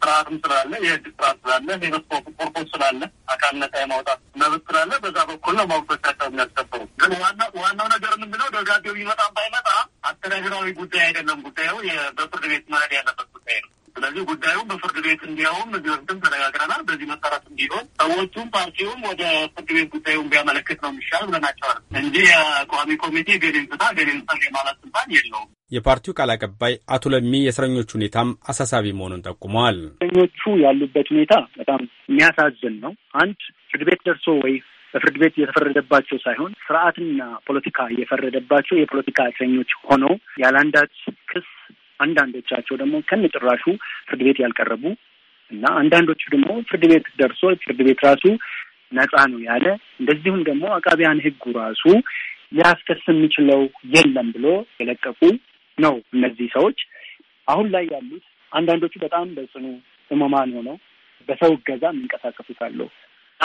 ስርዓትም ስላለ የህግ ስርዓት ስላለ ሌሎች ኮርፖች ስላለ አካል ነጻ የማውጣት መብት ስላለ በዛ በኩል ነው መብቶቻቸው የሚያስከበሩ። ግን ዋናው ነገር የምንለው ደብዳቤው ቢመጣም ባይመጣ አስተዳደራዊ ጉዳይ አይደለም ጉዳዩ በፍርድ ቤት መሄድ ያለበት ጉዳይ ነው። ስለዚህ ጉዳዩ በፍርድ ቤት እንዲያውም ቢወስድም ተነጋግረናል። በዚህ መሰረት እንዲሆን ሰዎቹም ፓርቲውም ወደ ፍርድ ቤት ጉዳዩን ቢያመለክት ነው የሚሻል ብለናቸዋል እንጂ የቋሚ ኮሚቴ ገሌን ፍታ ገሌን ሳ የማለት ስልጣን የለውም። የፓርቲው ቃል አቀባይ አቶ ለሚ የእስረኞቹ ሁኔታም አሳሳቢ መሆኑን ጠቁመዋል። እስረኞቹ ያሉበት ሁኔታ በጣም የሚያሳዝን ነው። አንድ ፍርድ ቤት ደርሶ ወይ በፍርድ ቤት የተፈረደባቸው ሳይሆን ስርዓትና ፖለቲካ የፈረደባቸው የፖለቲካ እስረኞች ሆነው ያለ አንዳች ክስ አንዳንዶቻቸው ደግሞ ከነጭራሹ ፍርድ ቤት ያልቀረቡ እና አንዳንዶቹ ደግሞ ፍርድ ቤት ደርሶ ፍርድ ቤት ራሱ ነጻ ነው ያለ እንደዚሁም ደግሞ አቃቢያን ህጉ ራሱ ሊያስከስ የሚችለው የለም ብሎ የለቀቁ ነው። እነዚህ ሰዎች አሁን ላይ ያሉት አንዳንዶቹ በጣም በጽኑ ሕሙማን ሆነው በሰው እገዛ የሚንቀሳቀሱት አሉ።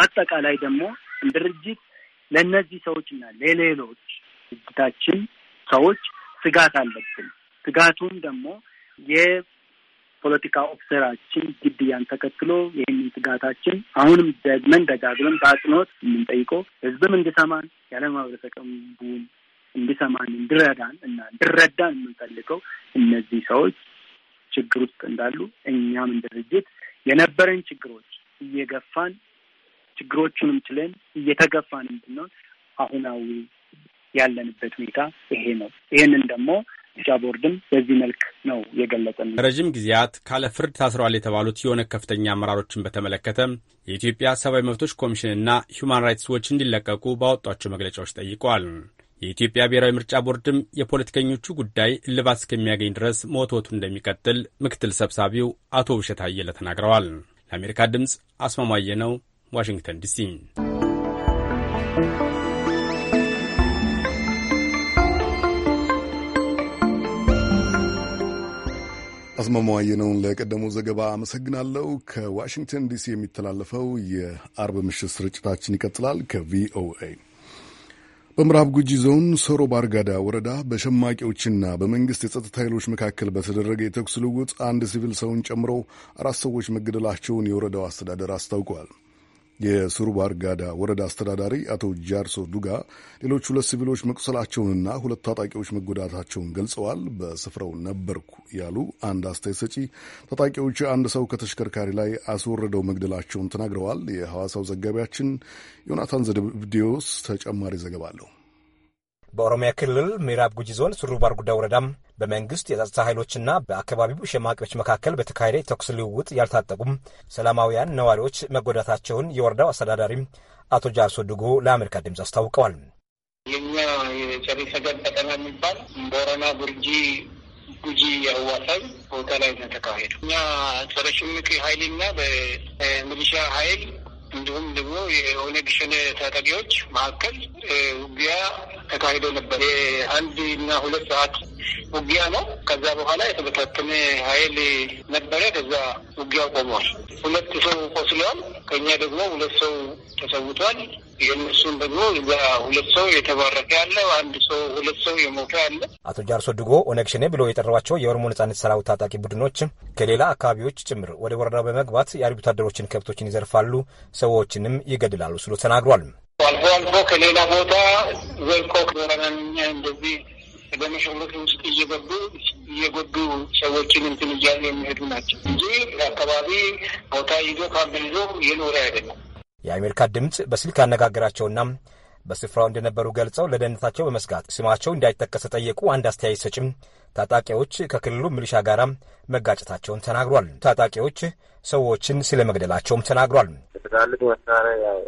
አጠቃላይ ደግሞ ድርጅት ለእነዚህ ሰዎችና ለሌሎች ድርጅታችን ሰዎች ስጋት አለብን ስጋቱን ደግሞ የፖለቲካ ኦፊሰራችን ግድያን ተከትሎ ይህንን ስጋታችን አሁንም ደግመን ደጋግመን በአጽንኦት የምንጠይቀው ህዝብም እንዲሰማን ያለ ማህበረሰቡም እንዲሰማን እንዲረዳን እና እንዲረዳን የምንፈልገው እነዚህ ሰዎች ችግር ውስጥ እንዳሉ እኛም ድርጅት የነበረን ችግሮች እየገፋን ችግሮቹንም ችለን እየተገፋን እንድንሆን አሁናዊ ያለንበት ሁኔታ ይሄ ነው። ይህንን ደግሞ ምርጫ ቦርድም በዚህ መልክ ነው የገለጸ። ረዥም ጊዜያት ካለ ፍርድ ታስረዋል የተባሉት የኦነግ ከፍተኛ አመራሮችን በተመለከተ የኢትዮጵያ ሰብአዊ መብቶች ኮሚሽንና ሁማን ራይትስ ዎች እንዲለቀቁ ባወጧቸው መግለጫዎች ጠይቀዋል። የኢትዮጵያ ብሔራዊ ምርጫ ቦርድም የፖለቲከኞቹ ጉዳይ እልባት እስከሚያገኝ ድረስ መወትወቱ እንደሚቀጥል ምክትል ሰብሳቢው አቶ ውብሸት አየለ ተናግረዋል። ለአሜሪካ ድምፅ አስማማየ ነው፣ ዋሽንግተን ዲሲ። አስማማው አየነውን ለቀደመው ዘገባ አመሰግናለሁ። ከዋሽንግተን ዲሲ የሚተላለፈው የአርብ ምሽት ስርጭታችን ይቀጥላል። ከቪኦኤ በምዕራብ ጉጂ ዞን ሶሮ ባርጋዳ ወረዳ በሸማቂዎችና በመንግስት የጸጥታ ኃይሎች መካከል በተደረገ የተኩስ ልውውጥ አንድ ሲቪል ሰውን ጨምሮ አራት ሰዎች መገደላቸውን የወረዳው አስተዳደር አስታውቋል። የሱሩባር ጋዳ ወረዳ አስተዳዳሪ አቶ ጃርሶ ዱጋ ሌሎች ሁለት ሲቪሎች መቁሰላቸውንና ሁለት ታጣቂዎች መጎዳታቸውን ገልጸዋል። በስፍራው ነበርኩ ያሉ አንድ አስተያየት ሰጪ ታጣቂዎች አንድ ሰው ከተሽከርካሪ ላይ አስወርደው መግደላቸውን ተናግረዋል። የሐዋሳው ዘጋቢያችን ዮናታን ዘደብዲዮስ ተጨማሪ ዘገባ አለው። በኦሮሚያ ክልል ምዕራብ ጉጂ ዞን ሱሩባር ጉዳይ ወረዳም በመንግስት የጸጥታ ኃይሎችና በአካባቢው ሸማቂዎች መካከል በተካሄደ የተኩስ ልውውጥ ያልታጠቁም ሰላማውያን ነዋሪዎች መጎዳታቸውን የወረዳው አስተዳዳሪም አቶ ጃርሶ ድጉ ለአሜሪካ ድምፅ አስታውቀዋል። የኛ የጨሪ ሰገድ ቀጠና የሚባል ቦረና ጉርጂ ጉጂ አዋሳኝ ቦታ ላይ ነው ተካሄደው። እኛ ጸረ ሽምቅ ኃይልና በሚሊሻ ኃይል እንዲሁም ደግሞ የኦነግ ሸኔ ታጣቂዎች መካከል ውጊያ ተካሂዶ ነበር። አንድ እና ሁለት ሰዓት ውጊያ ነው። ከዛ በኋላ የተበታተነ ኃይል ነበረ። ከዛ ውጊያው ቆሟል። ሁለት ሰው ቆስለዋል። ከኛ ደግሞ ሁለት ሰው ተሰውቷል። የእነሱን ደግሞ እዛ ሁለት ሰው የተባረከ ያለ አንድ ሰው ሁለት ሰው የሞተ ያለ። አቶ ጃርሶ ድጎ ኦነግ ሸኔ ብሎ የጠሯቸው የኦሮሞ ነጻነት ሰራዊት ታጣቂ ቡድኖች ከሌላ አካባቢዎች ጭምር ወደ ወረዳው በመግባት የአርብቶ አደሮችን ከብቶችን ይዘርፋሉ፣ ሰዎችንም ይገድላሉ ስሎ ተናግሯል። አልፎ አልፎ ከሌላ ቦታ ዘልቆ ወረመኛ እንደዚህ በመሸለት ውስጥ እየገቡ እየጎዱ ሰዎችን እንትን እያሉ የሚሄዱ ናቸው እንጂ አካባቢ ቦታ ይዞ ካምፕ ይዞ የኖረ አይደለም። የአሜሪካ ድምፅ በስልክ ያነጋገራቸውና በስፍራው እንደነበሩ ገልጸው ለደህንነታቸው በመስጋት ስማቸው እንዳይጠቀስ ጠየቁ አንድ አስተያየት ሰጭም ታጣቂዎች ከክልሉ ሚሊሻ ጋር መጋጨታቸውን ተናግሯል። ታጣቂዎች ሰዎችን ስለ መግደላቸውም ተናግሯል። ትላልቅ መሳሪያ ያው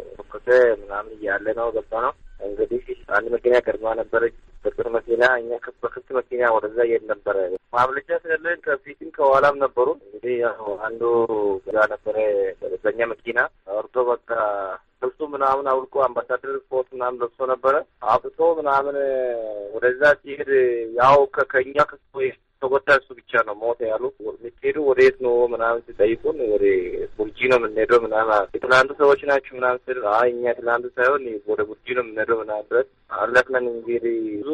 ምናምን እያለ ነው ገባ ነው እንግዲህ አንድ መኪና ቀድማ ነበረች በጥር መኪና እኛ በክፍት መኪና ወደዛ እየሄድ ነበረ። ማምለጫ ስለለን ከፊትም ከኋላም ነበሩ። እንግዲህ ያው አንዱ ጋ ነበረ በእኛ መኪና አውርቶ በቃ ልብሱ ምናምን አውልቆ አምባሳደር ስፖርት ምናምን ለብሶ ነበረ አብቶ ምናምን ወደዛ ሲሄድ ያው ከእኛ ክስ ተጎዳ እሱ ብቻ ነው ሞተ ያሉ። የምትሄዱ ወደ ነው ምናምን ሲጠይቁን ወደ ቡርጂ ነው የምንሄደው ምናምን የትላንዱ ሰዎች ናቸው ምናምን ስል እኛ የትላንዱ ሳይሆን ወደ ቡርጂ ነው የምንሄደው ምናምን ድረስ አለፍነን። እንግዲህ ብዙ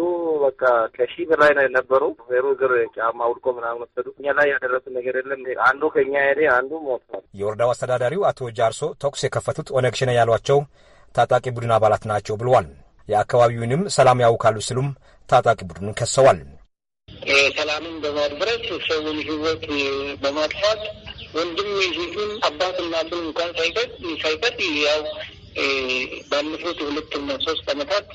በቃ ከሺህ በላይ ነው የነበሩ ሄሮ እግር ጫማ ውልቆ ምናምን ወሰዱ። እኛ ላይ ያደረሱ ነገር የለም። አንዱ ከኛ ሄደ፣ አንዱ ሞቷል። የወረዳው አስተዳዳሪው አቶ ጃርሶ ተኩስ የከፈቱት ኦነግ ሸኔ ያሏቸው ታጣቂ ቡድን አባላት ናቸው ብለዋል። የአካባቢውንም ሰላም ያውካሉ ስሉም ታጣቂ ቡድኑን ከሰዋል። ሰላምን በማድረስ ሰውን ህይወት በማጥፋት ወንድም ይህን አባት እናቱን እንኳን ሳይፈጥ ሳይፈጥ ያው ባለፉት ሁለትና ሶስት አመታት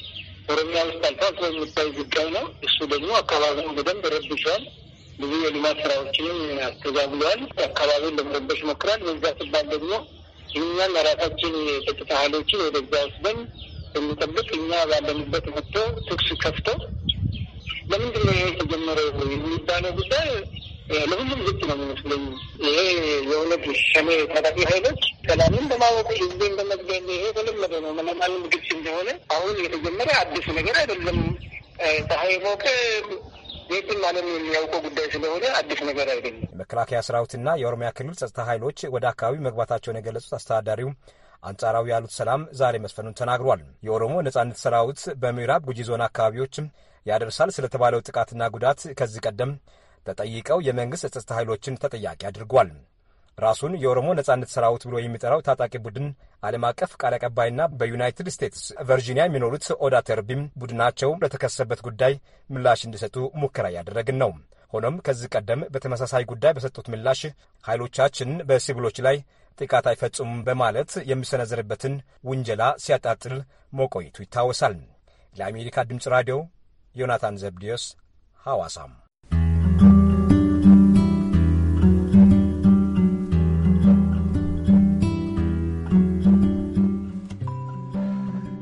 ኦሮሚያ ውስጥ አልፋ ስለሚታይ ጉዳይ ነው። እሱ ደግሞ አካባቢውን በደንብ ረብሸዋል። ብዙ የልማት ስራዎችንም አስተጋብለዋል። አካባቢውን ለመረበሽ ሞክራል። በዛ ሲባል ደግሞ እኛም ለራሳችን የጸጥታ ኃይሎችን ወደዛ ወስደን የሚጠብቅ እኛ ባለንበት መጥቶ ትኩስ ከፍቶ ለምንድን ነው ይሄ የተጀመረው የሚባለው ጉዳይ ለሁሉም ግልጽ ነው የሚመስለኝ። ይሄ የእውነት ሰሜ ታጣቂ ኃይሎች ሰላምን በማወቁ ህዝቤን በመግደል ይሄ የተለመደ ነው ለማንም ግልጽ እንደሆነ አሁን የተጀመረ አዲስ ነገር አይደለም። ፀሐይ ሞቀ የትም ዓለም የሚያውቀው ጉዳይ ስለሆነ አዲስ ነገር አይደለም። መከላከያ ሰራዊትና የኦሮሚያ ክልል ጸጥታ ኃይሎች ወደ አካባቢው መግባታቸውን የገለጹት አስተዳዳሪው አንጻራዊ ያሉት ሰላም ዛሬ መስፈኑን ተናግሯል። የኦሮሞ ነጻነት ሰራዊት በምዕራብ ጉጂ ዞን አካባቢዎች ያደርሳል ስለተባለው ጥቃትና ጉዳት ከዚህ ቀደም ተጠይቀው የመንግሥት የጸጥታ ኃይሎችን ተጠያቂ አድርጓል። ራሱን የኦሮሞ ነጻነት ሰራዊት ብሎ የሚጠራው ታጣቂ ቡድን ዓለም አቀፍ ቃል አቀባይና በዩናይትድ ስቴትስ ቨርጂኒያ የሚኖሩት ኦዳ ተርቢም ቡድናቸው ለተከሰበት ጉዳይ ምላሽ እንዲሰጡ ሙከራ እያደረግን ነው። ሆኖም ከዚህ ቀደም በተመሳሳይ ጉዳይ በሰጡት ምላሽ ኃይሎቻችን በሲቪሎች ላይ ጥቃት አይፈጽሙም በማለት የሚሰነዘርበትን ውንጀላ ሲያጣጥል መቆየቱ ይታወሳል። ለአሜሪካ ድምፅ ራዲዮ ዮናታን ዘብዲዮስ ሐዋሳም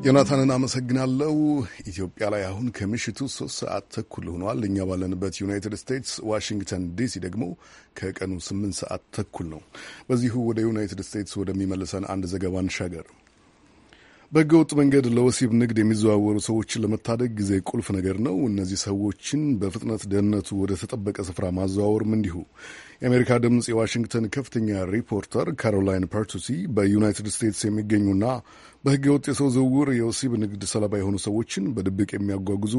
ዮናታንን አመሰግናለሁ። ኢትዮጵያ ላይ አሁን ከምሽቱ ሶስት ሰዓት ተኩል ሆኗል። እኛ ባለንበት ዩናይትድ ስቴትስ ዋሽንግተን ዲሲ ደግሞ ከቀኑ ስምንት ሰዓት ተኩል ነው። በዚሁ ወደ ዩናይትድ ስቴትስ ወደሚመልሰን አንድ ዘገባ እንሻገር። በህገወጥ መንገድ ለወሲብ ንግድ የሚዘዋወሩ ሰዎችን ለመታደግ ጊዜ ቁልፍ ነገር ነው። እነዚህ ሰዎችን በፍጥነት ደህንነቱ ወደ ተጠበቀ ስፍራ ማዘዋወርም እንዲሁ። የአሜሪካ ድምፅ የዋሽንግተን ከፍተኛ ሪፖርተር ካሮላይን ፐርቱሲ በዩናይትድ ስቴትስ የሚገኙና በህገወጥ የሰው ዝውውር የወሲብ ንግድ ሰለባ የሆኑ ሰዎችን በድብቅ የሚያጓጉዙ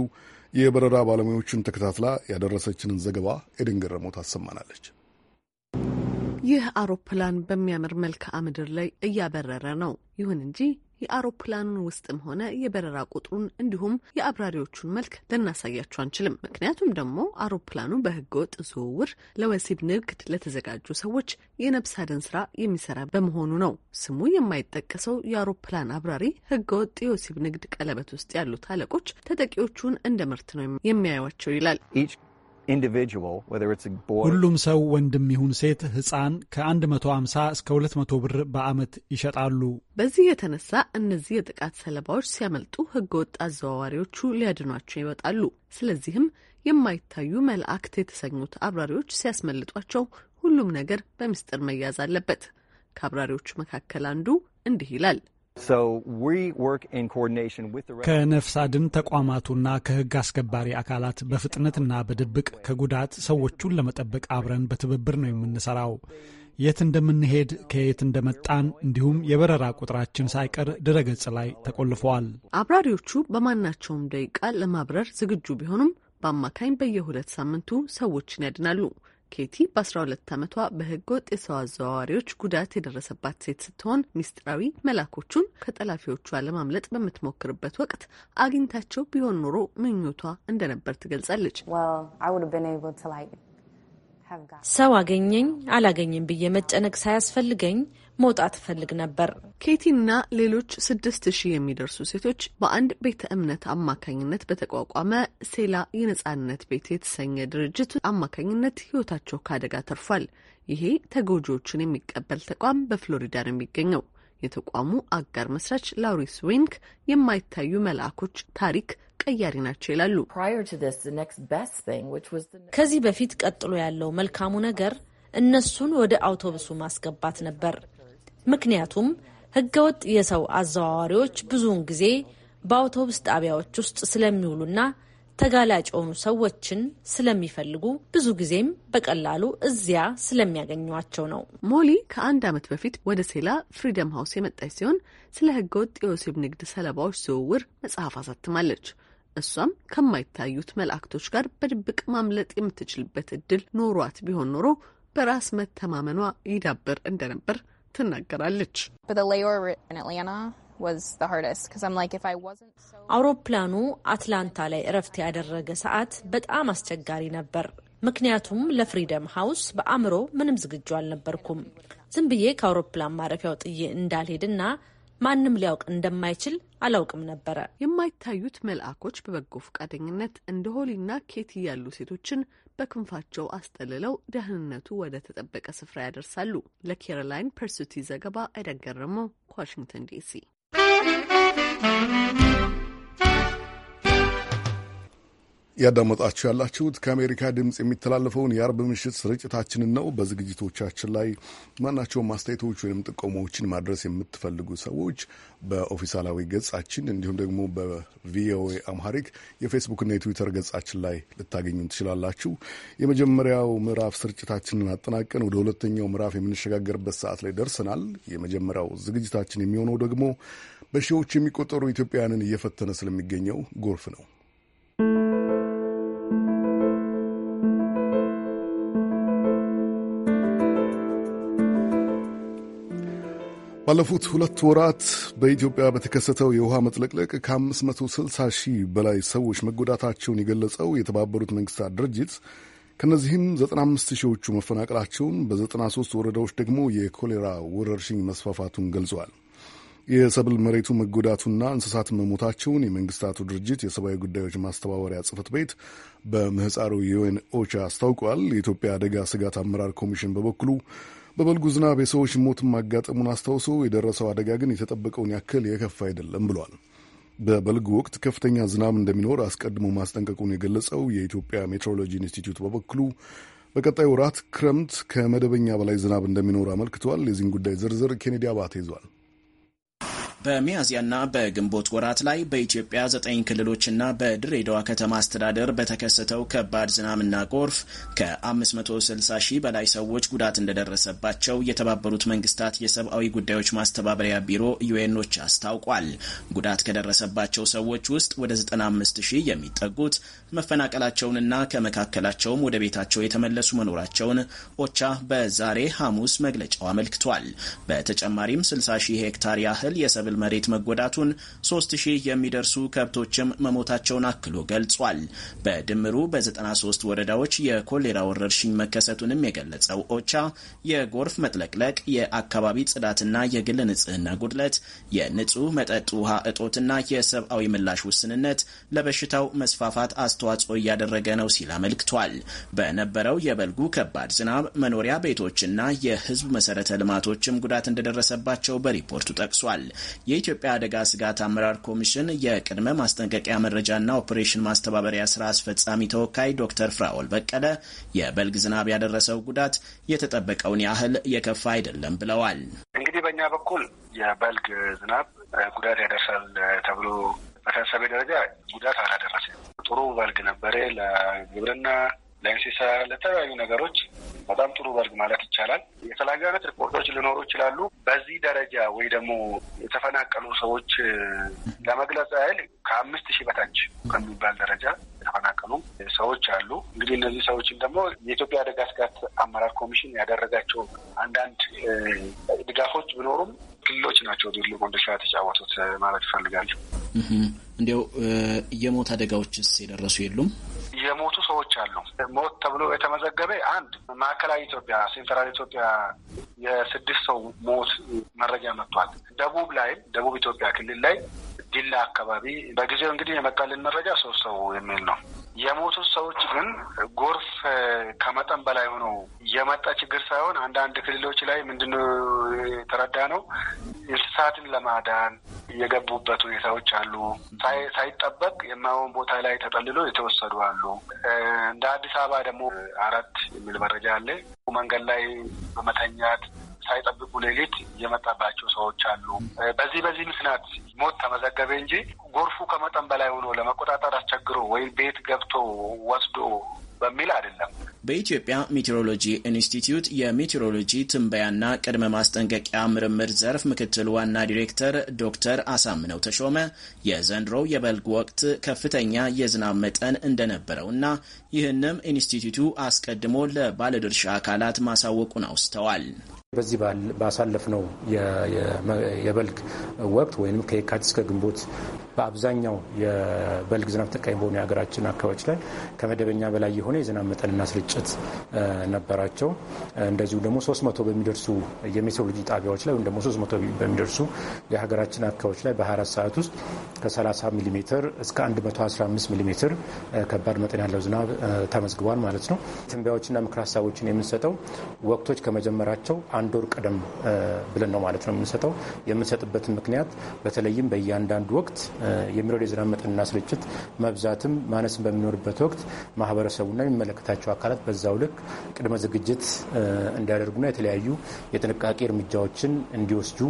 የበረራ ባለሙያዎችን ተከታትላ ያደረሰችንን ዘገባ ኤደን ገረመው ታሰማናለች። ይህ አውሮፕላን በሚያምር መልክዓ ምድር ላይ እያበረረ ነው። ይሁን እንጂ የአውሮፕላኑን ውስጥም ሆነ የበረራ ቁጥሩን እንዲሁም የአብራሪዎቹን መልክ ልናሳያቸው አንችልም። ምክንያቱም ደግሞ አውሮፕላኑ በህገወጥ ዝውውር፣ ለወሲብ ንግድ ለተዘጋጁ ሰዎች የነብስ አድን ስራ የሚሰራ በመሆኑ ነው። ስሙ የማይጠቀሰው የአውሮፕላን አብራሪ ህገወጥ የወሲብ ንግድ ቀለበት ውስጥ ያሉት አለቆች ተጠቂዎቹን እንደ ምርት ነው የሚያዩቸው ይላል። ሁሉም ሰው ወንድም ይሁን ሴት ህፃን ከ150 እስከ 200 ብር በአመት ይሸጣሉ። በዚህ የተነሳ እነዚህ የጥቃት ሰለባዎች ሲያመልጡ ህገወጥ አዘዋዋሪዎቹ ሊያድኗቸው ይወጣሉ። ስለዚህም የማይታዩ መላእክት የተሰኙት አብራሪዎች ሲያስመልጧቸው ሁሉም ነገር በምስጢር መያዝ አለበት። ከአብራሪዎቹ መካከል አንዱ እንዲህ ይላል። ከነፍስ አድን ተቋማቱና ከሕግ አስከባሪ አካላት በፍጥነትና በድብቅ ከጉዳት ሰዎቹን ለመጠበቅ አብረን በትብብር ነው የምንሰራው። የት እንደምንሄድ ከየት እንደመጣን እንዲሁም የበረራ ቁጥራችን ሳይቀር ድረገጽ ላይ ተቆልፈዋል። አብራሪዎቹ በማናቸውም ደቂቃ ለማብረር ዝግጁ ቢሆኑም በአማካኝ በየሁለት ሳምንቱ ሰዎችን ያድናሉ። ኬቲ በ12 ዓመቷ በህገወጥ የሰው አዘዋዋሪዎች ጉዳት የደረሰባት ሴት ስትሆን ሚስጥራዊ መላኮቹን ከጠላፊዎቿ ለማምለጥ በምትሞክርበት ወቅት አግኝታቸው ቢሆን ኖሮ ምኞቷ እንደነበር ትገልጻለች። ሰው አገኘኝ አላገኘኝ ብዬ መጨነቅ ሳያስፈልገኝ መውጣት እፈልግ ነበር። ኬቲና ሌሎች ስድስት ሺህ የሚደርሱ ሴቶች በአንድ ቤተ እምነት አማካኝነት በተቋቋመ ሴላ የነጻነት ቤት የተሰኘ ድርጅት አማካኝነት ህይወታቸው ከአደጋ ተርፏል። ይሄ ተጎጂዎችን የሚቀበል ተቋም በፍሎሪዳ ነው የሚገኘው። የተቋሙ አጋር መስራች ላውሪስ ዊንክ የማይታዩ መልአኮች ታሪክ ቀያሪ ናቸው ይላሉ። ከዚህ በፊት ቀጥሎ ያለው መልካሙ ነገር እነሱን ወደ አውቶቡሱ ማስገባት ነበር። ምክንያቱም ህገወጥ የሰው አዘዋዋሪዎች ብዙውን ጊዜ በአውቶቡስ ጣቢያዎች ውስጥ ስለሚውሉና ተጋላጭ የሆኑ ሰዎችን ስለሚፈልጉ ብዙ ጊዜም በቀላሉ እዚያ ስለሚያገኟቸው ነው። ሞሊ ከአንድ ዓመት በፊት ወደ ሴላ ፍሪደም ሃውስ የመጣች ሲሆን ስለ ህገወጥ የወሲብ ንግድ ሰለባዎች ዝውውር መጽሐፍ አሳትማለች። እሷም ከማይታዩት መላእክቶች ጋር በድብቅ ማምለጥ የምትችልበት እድል ኖሯት ቢሆን ኖሮ በራስ መተማመኗ ይዳብር እንደነበር ትናገራለች። አውሮፕላኑ አትላንታ ላይ እረፍት ያደረገ ሰዓት በጣም አስቸጋሪ ነበር። ምክንያቱም ለፍሪደም ሀውስ በአእምሮ ምንም ዝግጁ አልነበርኩም። ዝም ብዬ ከአውሮፕላን ማረፊያው ጥዬ እንዳልሄድና ማንም ሊያውቅ እንደማይችል አላውቅም ነበረ። የማይታዩት መልአኮች በበጎ ፈቃደኝነት እንደ ሆሊና ኬቲ ያሉ ሴቶችን በክንፋቸው አስጠልለው ደህንነቱ ወደ ተጠበቀ ስፍራ ያደርሳሉ። ለኬሮላይን ፐርሱቲ ዘገባ አይደገረመው ከዋሽንግተን ዲሲ እያዳመጣችሁ ያላችሁት ከአሜሪካ ድምፅ የሚተላለፈውን የአርብ ምሽት ስርጭታችንን ነው። በዝግጅቶቻችን ላይ ማናቸውም አስተያየቶች ወይም ጥቆማዎችን ማድረስ የምትፈልጉ ሰዎች በኦፊሳላዊ ገጻችን እንዲሁም ደግሞ በቪኦኤ አምሃሪክ የፌስቡክና የትዊተር ገጻችን ላይ ልታገኙ ትችላላችሁ። የመጀመሪያው ምዕራፍ ስርጭታችንን አጠናቀን ወደ ሁለተኛው ምዕራፍ የምንሸጋገርበት ሰዓት ላይ ደርሰናል። የመጀመሪያው ዝግጅታችን የሚሆነው ደግሞ በሺዎች የሚቆጠሩ ኢትዮጵያውያንን እየፈተነ ስለሚገኘው ጎርፍ ነው። ባለፉት ሁለት ወራት በኢትዮጵያ በተከሰተው የውሃ መጥለቅለቅ ከ560 ሺህ በላይ ሰዎች መጎዳታቸውን የገለጸው የተባበሩት መንግስታት ድርጅት ከእነዚህም 95 ሺዎቹ መፈናቀላቸውን በ93 ወረዳዎች ደግሞ የኮሌራ ወረርሽኝ መስፋፋቱን ገልጿል። የሰብል መሬቱ መጎዳቱና እንስሳት መሞታቸውን የመንግስታቱ ድርጅት የሰብአዊ ጉዳዮች ማስተባበሪያ ጽህፈት ቤት በምህፃሩ የዩኤን ኦቻ አስታውቋል። የኢትዮጵያ አደጋ ስጋት አመራር ኮሚሽን በበኩሉ በበልጉ ዝናብ የሰዎች ሞት ማጋጠሙን አስታውሶ የደረሰው አደጋ ግን የተጠበቀውን ያክል የከፋ አይደለም ብሏል። በበልጉ ወቅት ከፍተኛ ዝናብ እንደሚኖር አስቀድሞ ማስጠንቀቁን የገለጸው የኢትዮጵያ ሜትሮሎጂ ኢንስቲትዩት በበኩሉ በቀጣይ ወራት ክረምት ከመደበኛ በላይ ዝናብ እንደሚኖር አመልክቷል። የዚህን ጉዳይ ዝርዝር ኬኔዲ አባት ይዟል። በሚያዝያና በግንቦት ወራት ላይ በኢትዮጵያ ዘጠኝ ክልሎችና በድሬዳዋ ከተማ አስተዳደር በተከሰተው ከባድ ዝናብና ጎርፍ ከ560 ሺህ በላይ ሰዎች ጉዳት እንደደረሰባቸው የተባበሩት መንግስታት የሰብአዊ ጉዳዮች ማስተባበሪያ ቢሮ ዩኤኖች አስታውቋል። ጉዳት ከደረሰባቸው ሰዎች ውስጥ ወደ 95 ሺህ የሚጠጉት መፈናቀላቸውንና ከመካከላቸውም ወደ ቤታቸው የተመለሱ መኖራቸውን ኦቻ በዛሬ ሐሙስ መግለጫው አመልክቷል። በተጨማሪም 60 ሺህ ሄክታር ያህል የሰብ የሰብል መሬት መጎዳቱን፣ ሶስት ሺህ የሚደርሱ ከብቶችም መሞታቸውን አክሎ ገልጿል። በድምሩ በ93 ወረዳዎች የኮሌራ ወረርሽኝ መከሰቱንም የገለጸው ኦቻ የጎርፍ መጥለቅለቅ፣ የአካባቢ ጽዳትና የግል ንጽህና ጉድለት፣ የንጹህ መጠጥ ውሃ እጦትና የሰብአዊ ምላሽ ውስንነት ለበሽታው መስፋፋት አስተዋጽኦ እያደረገ ነው ሲል አመልክቷል። በነበረው የበልጉ ከባድ ዝናብ መኖሪያ ቤቶችና የህዝብ መሰረተ ልማቶችም ጉዳት እንደደረሰባቸው በሪፖርቱ ጠቅሷል። የኢትዮጵያ አደጋ ስጋት አመራር ኮሚሽን የቅድመ ማስጠንቀቂያ መረጃና ኦፕሬሽን ማስተባበሪያ ስራ አስፈጻሚ ተወካይ ዶክተር ፍራኦል በቀለ የበልግ ዝናብ ያደረሰው ጉዳት የተጠበቀውን ያህል የከፋ አይደለም ብለዋል። እንግዲህ በእኛ በኩል የበልግ ዝናብ ጉዳት ያደርሳል ተብሎ በታሰበ ደረጃ ጉዳት አላደረሰም። ጥሩ በልግ ነበረ ለግብርና ለእንስሳ ለተለያዩ ነገሮች በጣም ጥሩ በርግ ማለት ይቻላል። የተለያዩ አይነት ሪፖርቶች ሊኖሩ ይችላሉ። በዚህ ደረጃ ወይ ደግሞ የተፈናቀሉ ሰዎች ለመግለጽ ያህል ከአምስት ሺህ በታች ከሚባል ደረጃ የተፈናቀሉ ሰዎች አሉ። እንግዲህ እነዚህ ሰዎችም ደግሞ የኢትዮጵያ አደጋ ስጋት አመራር ኮሚሽን ያደረጋቸው አንዳንድ ድጋፎች ቢኖሩም ክልሎች ናቸው ድሉ ቆንደሻ የተጫወቱት ማለት ይፈልጋሉ። እንዲያው የሞት አደጋዎችስ የደረሱ የሉም? የሞቱ ሰዎች አሉ። ሞት ተብሎ የተመዘገበ አንድ ማዕከላዊ ኢትዮጵያ ሴንትራል ኢትዮጵያ የስድስት ሰው ሞት መረጃ መጥቷል። ደቡብ ላይም ደቡብ ኢትዮጵያ ክልል ላይ ዲላ አካባቢ በጊዜው እንግዲህ የመጣልን መረጃ ሶስት ሰው የሚል ነው። የሞቱት ሰዎች ግን ጎርፍ ከመጠን በላይ ሆኖ የመጣ ችግር ሳይሆን አንዳንድ ክልሎች ላይ ምንድነው የተረዳ ነው እንስሳትን ለማዳን የገቡበት ሁኔታዎች አሉ። ሳይጠበቅ የማይሆን ቦታ ላይ ተጠልሎ የተወሰዱ አሉ። እንደ አዲስ አበባ ደግሞ አራት የሚል መረጃ አለ። መንገድ ላይ በመተኛት ሌሊት የመጣባቸው ሰዎች አሉ። በዚህ በዚህ ምክንያት ሞት ተመዘገበ እንጂ ጎርፉ ከመጠን በላይ ሆኖ ለመቆጣጠር አስቸግሮ ወይም ቤት ገብቶ ወስዶ በሚል አይደለም። በኢትዮጵያ ሜቴሮሎጂ ኢንስቲትዩት የሜቴሮሎጂ ትንበያና ቅድመ ማስጠንቀቂያ ምርምር ዘርፍ ምክትል ዋና ዲሬክተር ዶክተር አሳምነው ተሾመ የዘንድሮው የበልግ ወቅት ከፍተኛ የዝናብ መጠን እንደነበረውና ይህንም ኢንስቲትዩቱ አስቀድሞ ለባለድርሻ አካላት ማሳወቁን አውስተዋል። በዚህ ባሳለፍነው የበልግ ወቅት ወይም ከየካቲት እስከ ግንቦት በአብዛኛው የበልግ ዝናብ ተጠቃሚ በሆኑ የሀገራችን አካባቢዎች ላይ ከመደበኛ በላይ የሆነ የዝናብ መጠንና ስርጭት ነበራቸው። እንደዚሁም ደግሞ 300 በሚደርሱ የሜትሮሎጂ ጣቢያዎች ላይ ወይም ደግሞ 300 በሚደርሱ የሀገራችን አካባቢዎች ላይ በ24 ሰዓት ውስጥ ከ30 ሚሊሜትር እስከ 115 ሚሊሜትር ከባድ መጠን ያለው ዝናብ ተመዝግቧል ማለት ነው። ትንበያዎችና ምክር ሀሳቦችን የምንሰጠው ወቅቶች ከመጀመራቸው አንድ ወር ቀደም ብለን ነው ማለት ነው የምንሰጠው። የምንሰጥበት ምክንያት በተለይም በእያንዳንዱ ወቅት የሚረዱ የዝናብ መጠንና ስርጭት መብዛትም ማነስን በሚኖርበት ወቅት ማህበረሰቡና የሚመለከታቸው አካላት በዛው ልክ ቅድመ ዝግጅት እንዲያደርጉና የተለያዩ የጥንቃቄ እርምጃዎችን እንዲወስዱ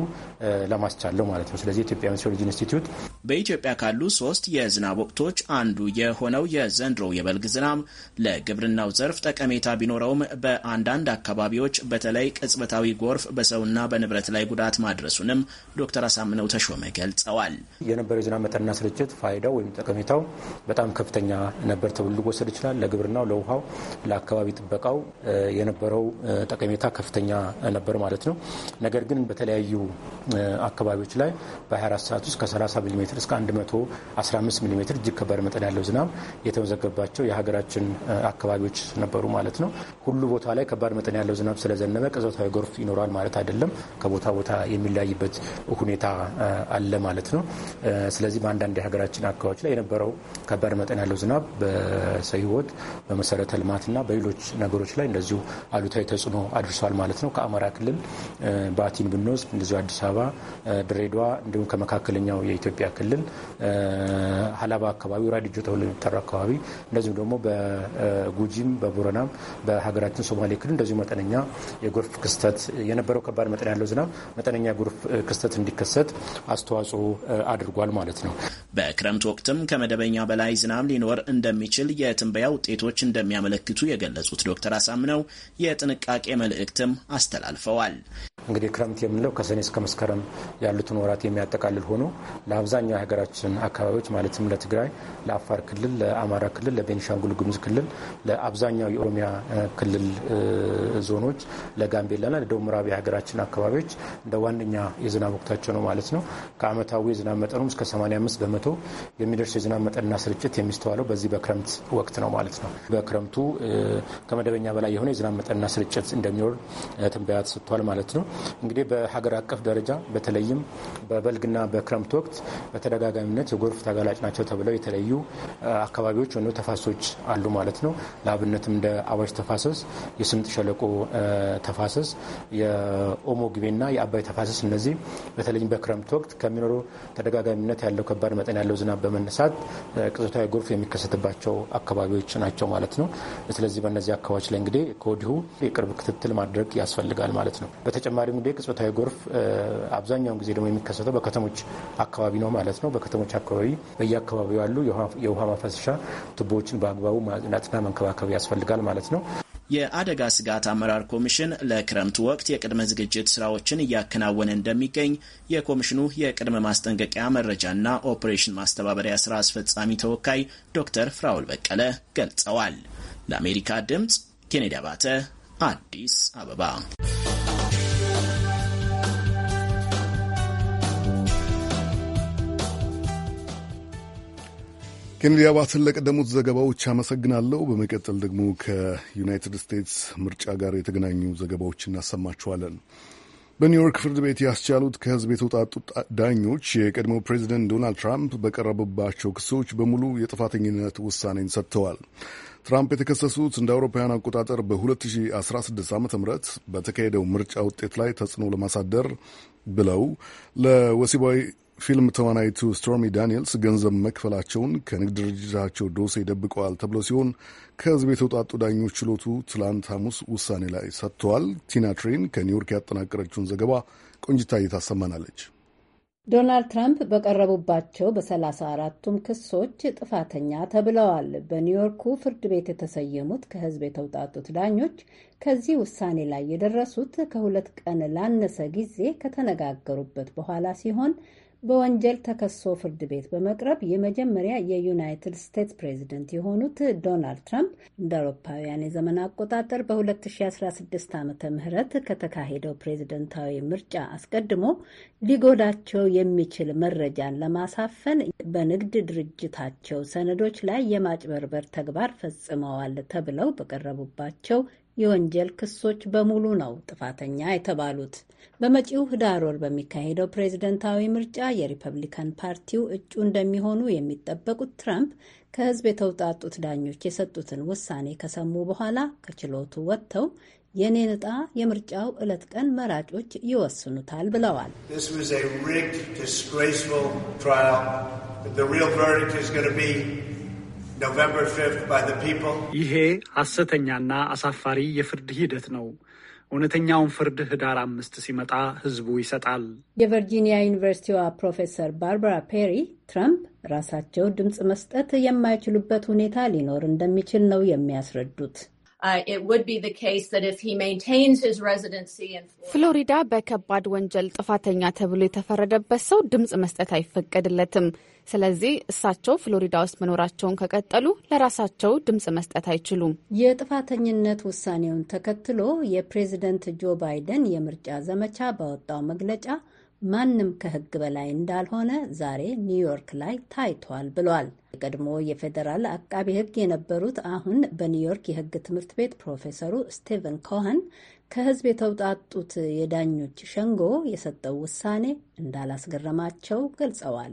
ለማስቻለው ማለት ነው። ስለዚህ የኢትዮጵያ ሜትሮሎጂ ኢንስቲትዩት በኢትዮጵያ ካሉ ሶስት የዝናብ ወቅቶች አንዱ የሆነው የዘንድሮ የበልግ ዝናብ ለግብርናው ዘርፍ ጠቀሜታ ቢኖረውም በአንዳንድ አካባቢዎች በተለይ ቅጽበታ ድምፃዊ ጎርፍ በሰውና በንብረት ላይ ጉዳት ማድረሱንም ዶክተር አሳምነው ተሾመ ገልጸዋል። የነበረው የዝናብ መጠንና ስርጭት ፋይዳው ወይም ጠቀሜታው በጣም ከፍተኛ ነበር ተብሎ ሊወሰድ ይችላል። ለግብርናው፣ ለውሃው፣ ለአካባቢ ጥበቃው የነበረው ጠቀሜታ ከፍተኛ ነበር ማለት ነው። ነገር ግን በተለያዩ አካባቢዎች ላይ በ24 ሰዓት ውስጥ ከ30 ሚሜ እስከ 115 ሚሜ እጅግ ከባድ መጠን ያለው ዝናብ የተመዘገባቸው የሀገራችን አካባቢዎች ነበሩ ማለት ነው። ሁሉ ቦታ ላይ ከባድ መጠን ያለው ዝናብ ስለዘነበ ቅጽበታዊ ጎርፍ ድጋፍ ይኖራል ማለት አይደለም። ከቦታ ቦታ የሚለያይበት ሁኔታ አለ ማለት ነው። ስለዚህ በአንዳንድ የሀገራችን አካባቢዎች ላይ የነበረው ከባድ መጠን ያለው ዝናብ በሰው ሕይወት በመሰረተ ልማትና በሌሎች ነገሮች ላይ እንደዚሁ አሉታዊ ተጽዕኖ አድርሷል ማለት ነው። ከአማራ ክልል ባቲን ብንወስድ እንደዚሁ አዲስ አበባ፣ ድሬዳዋ እንዲሁም ከመካከለኛው የኢትዮጵያ ክልል ሀላባ አካባቢ ራዲጆ ተብሎ የሚጠራ አካባቢ እንደዚሁም ደግሞ በጉጂም በቦረናም በሀገራችን ሶማሌ ክልል እንደዚሁ መጠነኛ የጎርፍ ክስተት ዓመት የነበረው ከባድ መጠን ያለው ዝናብ መጠነኛ ጎርፍ ክስተት እንዲከሰት አስተዋጽኦ አድርጓል ማለት ነው። በክረምት ወቅትም ከመደበኛ በላይ ዝናብ ሊኖር እንደሚችል የትንበያ ውጤቶች እንደሚያመለክቱ የገለጹት ዶክተር አሳምነው የጥንቃቄ መልእክትም አስተላልፈዋል። እንግዲህ ክረምት የምንለው ከሰኔ እስከ መስከረም ያሉትን ወራት የሚያጠቃልል ሆኖ ለአብዛኛው የሀገራችን አካባቢዎች ማለትም ለትግራይ፣ ለአፋር ክልል፣ ለአማራ ክልል፣ ለቤኒሻንጉል ጉሙዝ ክልል፣ ለአብዛኛው የኦሮሚያ ክልል ዞኖች፣ ለጋምቤላና ደቡብ ምዕራብ የሀገራችን አካባቢዎች እንደ ዋነኛ የዝናብ ወቅታቸው ነው ማለት ነው። ከአመታዊ የዝናብ መጠኑም እስከ 85 በመቶ የሚደርስ የዝናብ መጠንና ስርጭት የሚስተዋለው በዚህ በክረምት ወቅት ነው ማለት ነው። በክረምቱ ከመደበኛ በላይ የሆነ የዝናብ መጠንና ስርጭት እንደሚኖር ትንበያ ተሰጥቷል ማለት ነው። እንግዲህ በሀገር አቀፍ ደረጃ በተለይም በበልግና በክረምት ወቅት በተደጋጋሚነት የጎርፍ ተጋላጭ ናቸው ተብለው የተለዩ አካባቢዎች ወይም ተፋሶች አሉ ማለት ነው። ለአብነትም እንደ አዋሽ ተፋሰስ፣ የስምጥ ሸለቆ ተፋሰስ፣ የኦሞ ግቤና የአባይ ተፋሰስ እነዚህ በተለይም በክረምት ወቅት ከሚኖሩ ተደጋጋሚነት ያለው ከባድ መጠን ያለው ዝናብ በመነሳት ቅጽበታዊ ጎርፍ የሚከሰትባቸው አካባቢዎች ናቸው ማለት ነው። ስለዚህ በእነዚህ አካባቢዎች ላይ እንግዲህ ከወዲሁ የቅርብ ክትትል ማድረግ ያስፈልጋል ማለት ነው። በተጨማሪም እንግዲህ ቅጽበታዊ ጎርፍ አብዛኛውን ጊዜ ደግሞ የሚከሰተው በከተሞች አካባቢ ነው ማለት ነው። በከተሞች አካባቢ በየአካባቢው ያሉ የውሃ ማፈሰሻ ቱቦዎችን በአግባቡ ማጽዳትና መንከባከብ ያስፈልጋል ማለት ነው። የአደጋ ስጋት አመራር ኮሚሽን ለክረምት ወቅት የቅድመ ዝግጅት ስራዎችን እያከናወነ እንደሚገኝ የኮሚሽኑ የቅድመ ማስጠንቀቂያ መረጃና ኦፕሬሽን ማስተባበሪያ ስራ አስፈጻሚ ተወካይ ዶክተር ፍራውል በቀለ ገልጸዋል። ለአሜሪካ ድምፅ ኬኔዲ አባተ አዲስ አበባ ኬኔዲ አባትን ለቀደሙት ዘገባዎች አመሰግናለሁ። በመቀጠል ደግሞ ከዩናይትድ ስቴትስ ምርጫ ጋር የተገናኙ ዘገባዎች እናሰማችኋለን። በኒውዮርክ ፍርድ ቤት ያስቻሉት ከህዝብ የተውጣጡ ዳኞች የቀድሞው ፕሬዚደንት ዶናልድ ትራምፕ በቀረበባቸው ክሶች በሙሉ የጥፋተኝነት ውሳኔን ሰጥተዋል። ትራምፕ የተከሰሱት እንደ አውሮፓውያን አቆጣጠር በ2016 ዓ ም በተካሄደው ምርጫ ውጤት ላይ ተጽዕኖ ለማሳደር ብለው ለወሲባዊ ፊልም ተዋናይቱ ስቶርሚ ዳንኤልስ ገንዘብ መክፈላቸውን ከንግድ ድርጅታቸው ዶሴ ደብቀዋል ተብሎ ሲሆን ከህዝብ የተውጣጡ ዳኞች ችሎቱ ትላንት ሐሙስ ውሳኔ ላይ ሰጥተዋል። ቲና ትሬን ከኒውዮርክ ያጠናቀረችውን ዘገባ ቆንጅታ እየታሰማናለች። ዶናልድ ትራምፕ በቀረቡባቸው በሰላሳ አራቱም ክሶች ጥፋተኛ ተብለዋል። በኒውዮርኩ ፍርድ ቤት የተሰየሙት ከህዝብ የተውጣጡት ዳኞች ከዚህ ውሳኔ ላይ የደረሱት ከሁለት ቀን ላነሰ ጊዜ ከተነጋገሩበት በኋላ ሲሆን በወንጀል ተከሶ ፍርድ ቤት በመቅረብ የመጀመሪያ የዩናይትድ ስቴትስ ፕሬዝደንት የሆኑት ዶናልድ ትራምፕ እንደ አውሮፓውያን የዘመን አቆጣጠር በ2016 ዓመተ ምህረት ከተካሄደው ፕሬዝደንታዊ ምርጫ አስቀድሞ ሊጎዳቸው የሚችል መረጃን ለማሳፈን በንግድ ድርጅታቸው ሰነዶች ላይ የማጭበርበር ተግባር ፈጽመዋል ተብለው በቀረቡባቸው የወንጀል ክሶች በሙሉ ነው ጥፋተኛ የተባሉት። በመጪው ህዳር ወር በሚካሄደው ፕሬዝደንታዊ ምርጫ የሪፐብሊካን ፓርቲው እጩ እንደሚሆኑ የሚጠበቁት ትራምፕ ከህዝብ የተውጣጡት ዳኞች የሰጡትን ውሳኔ ከሰሙ በኋላ ከችሎቱ ወጥተው የኔን ንጣ የምርጫው ዕለት ቀን መራጮች ይወስኑታል ብለዋል። ይሄ ሐሰተኛና አሳፋሪ የፍርድ ሂደት ነው። እውነተኛውን ፍርድ ህዳር አምስት ሲመጣ ህዝቡ ይሰጣል። የቨርጂኒያ ዩኒቨርሲቲዋ ፕሮፌሰር ባርባራ ፔሪ ትራምፕ ራሳቸው ድምፅ መስጠት የማይችሉበት ሁኔታ ሊኖር እንደሚችል ነው የሚያስረዱት። uh, ፍሎሪዳ በከባድ ወንጀል ጥፋተኛ ተብሎ የተፈረደበት ሰው ድምፅ መስጠት አይፈቀድለትም። ስለዚህ እሳቸው ፍሎሪዳ ውስጥ መኖራቸውን ከቀጠሉ ለራሳቸው ድምፅ መስጠት አይችሉም። የጥፋተኝነት ውሳኔውን ተከትሎ የፕሬዝደንት ጆ ባይደን የምርጫ ዘመቻ ባወጣው መግለጫ ማንም ከሕግ በላይ እንዳልሆነ ዛሬ ኒውዮርክ ላይ ታይቷል ብሏል። የቀድሞ የፌዴራል አቃቢ ሕግ የነበሩት አሁን በኒውዮርክ የሕግ ትምህርት ቤት ፕሮፌሰሩ ስቲቨን ኮኸን ከህዝብ የተውጣጡት የዳኞች ሸንጎ የሰጠው ውሳኔ እንዳላስገረማቸው ገልጸዋል።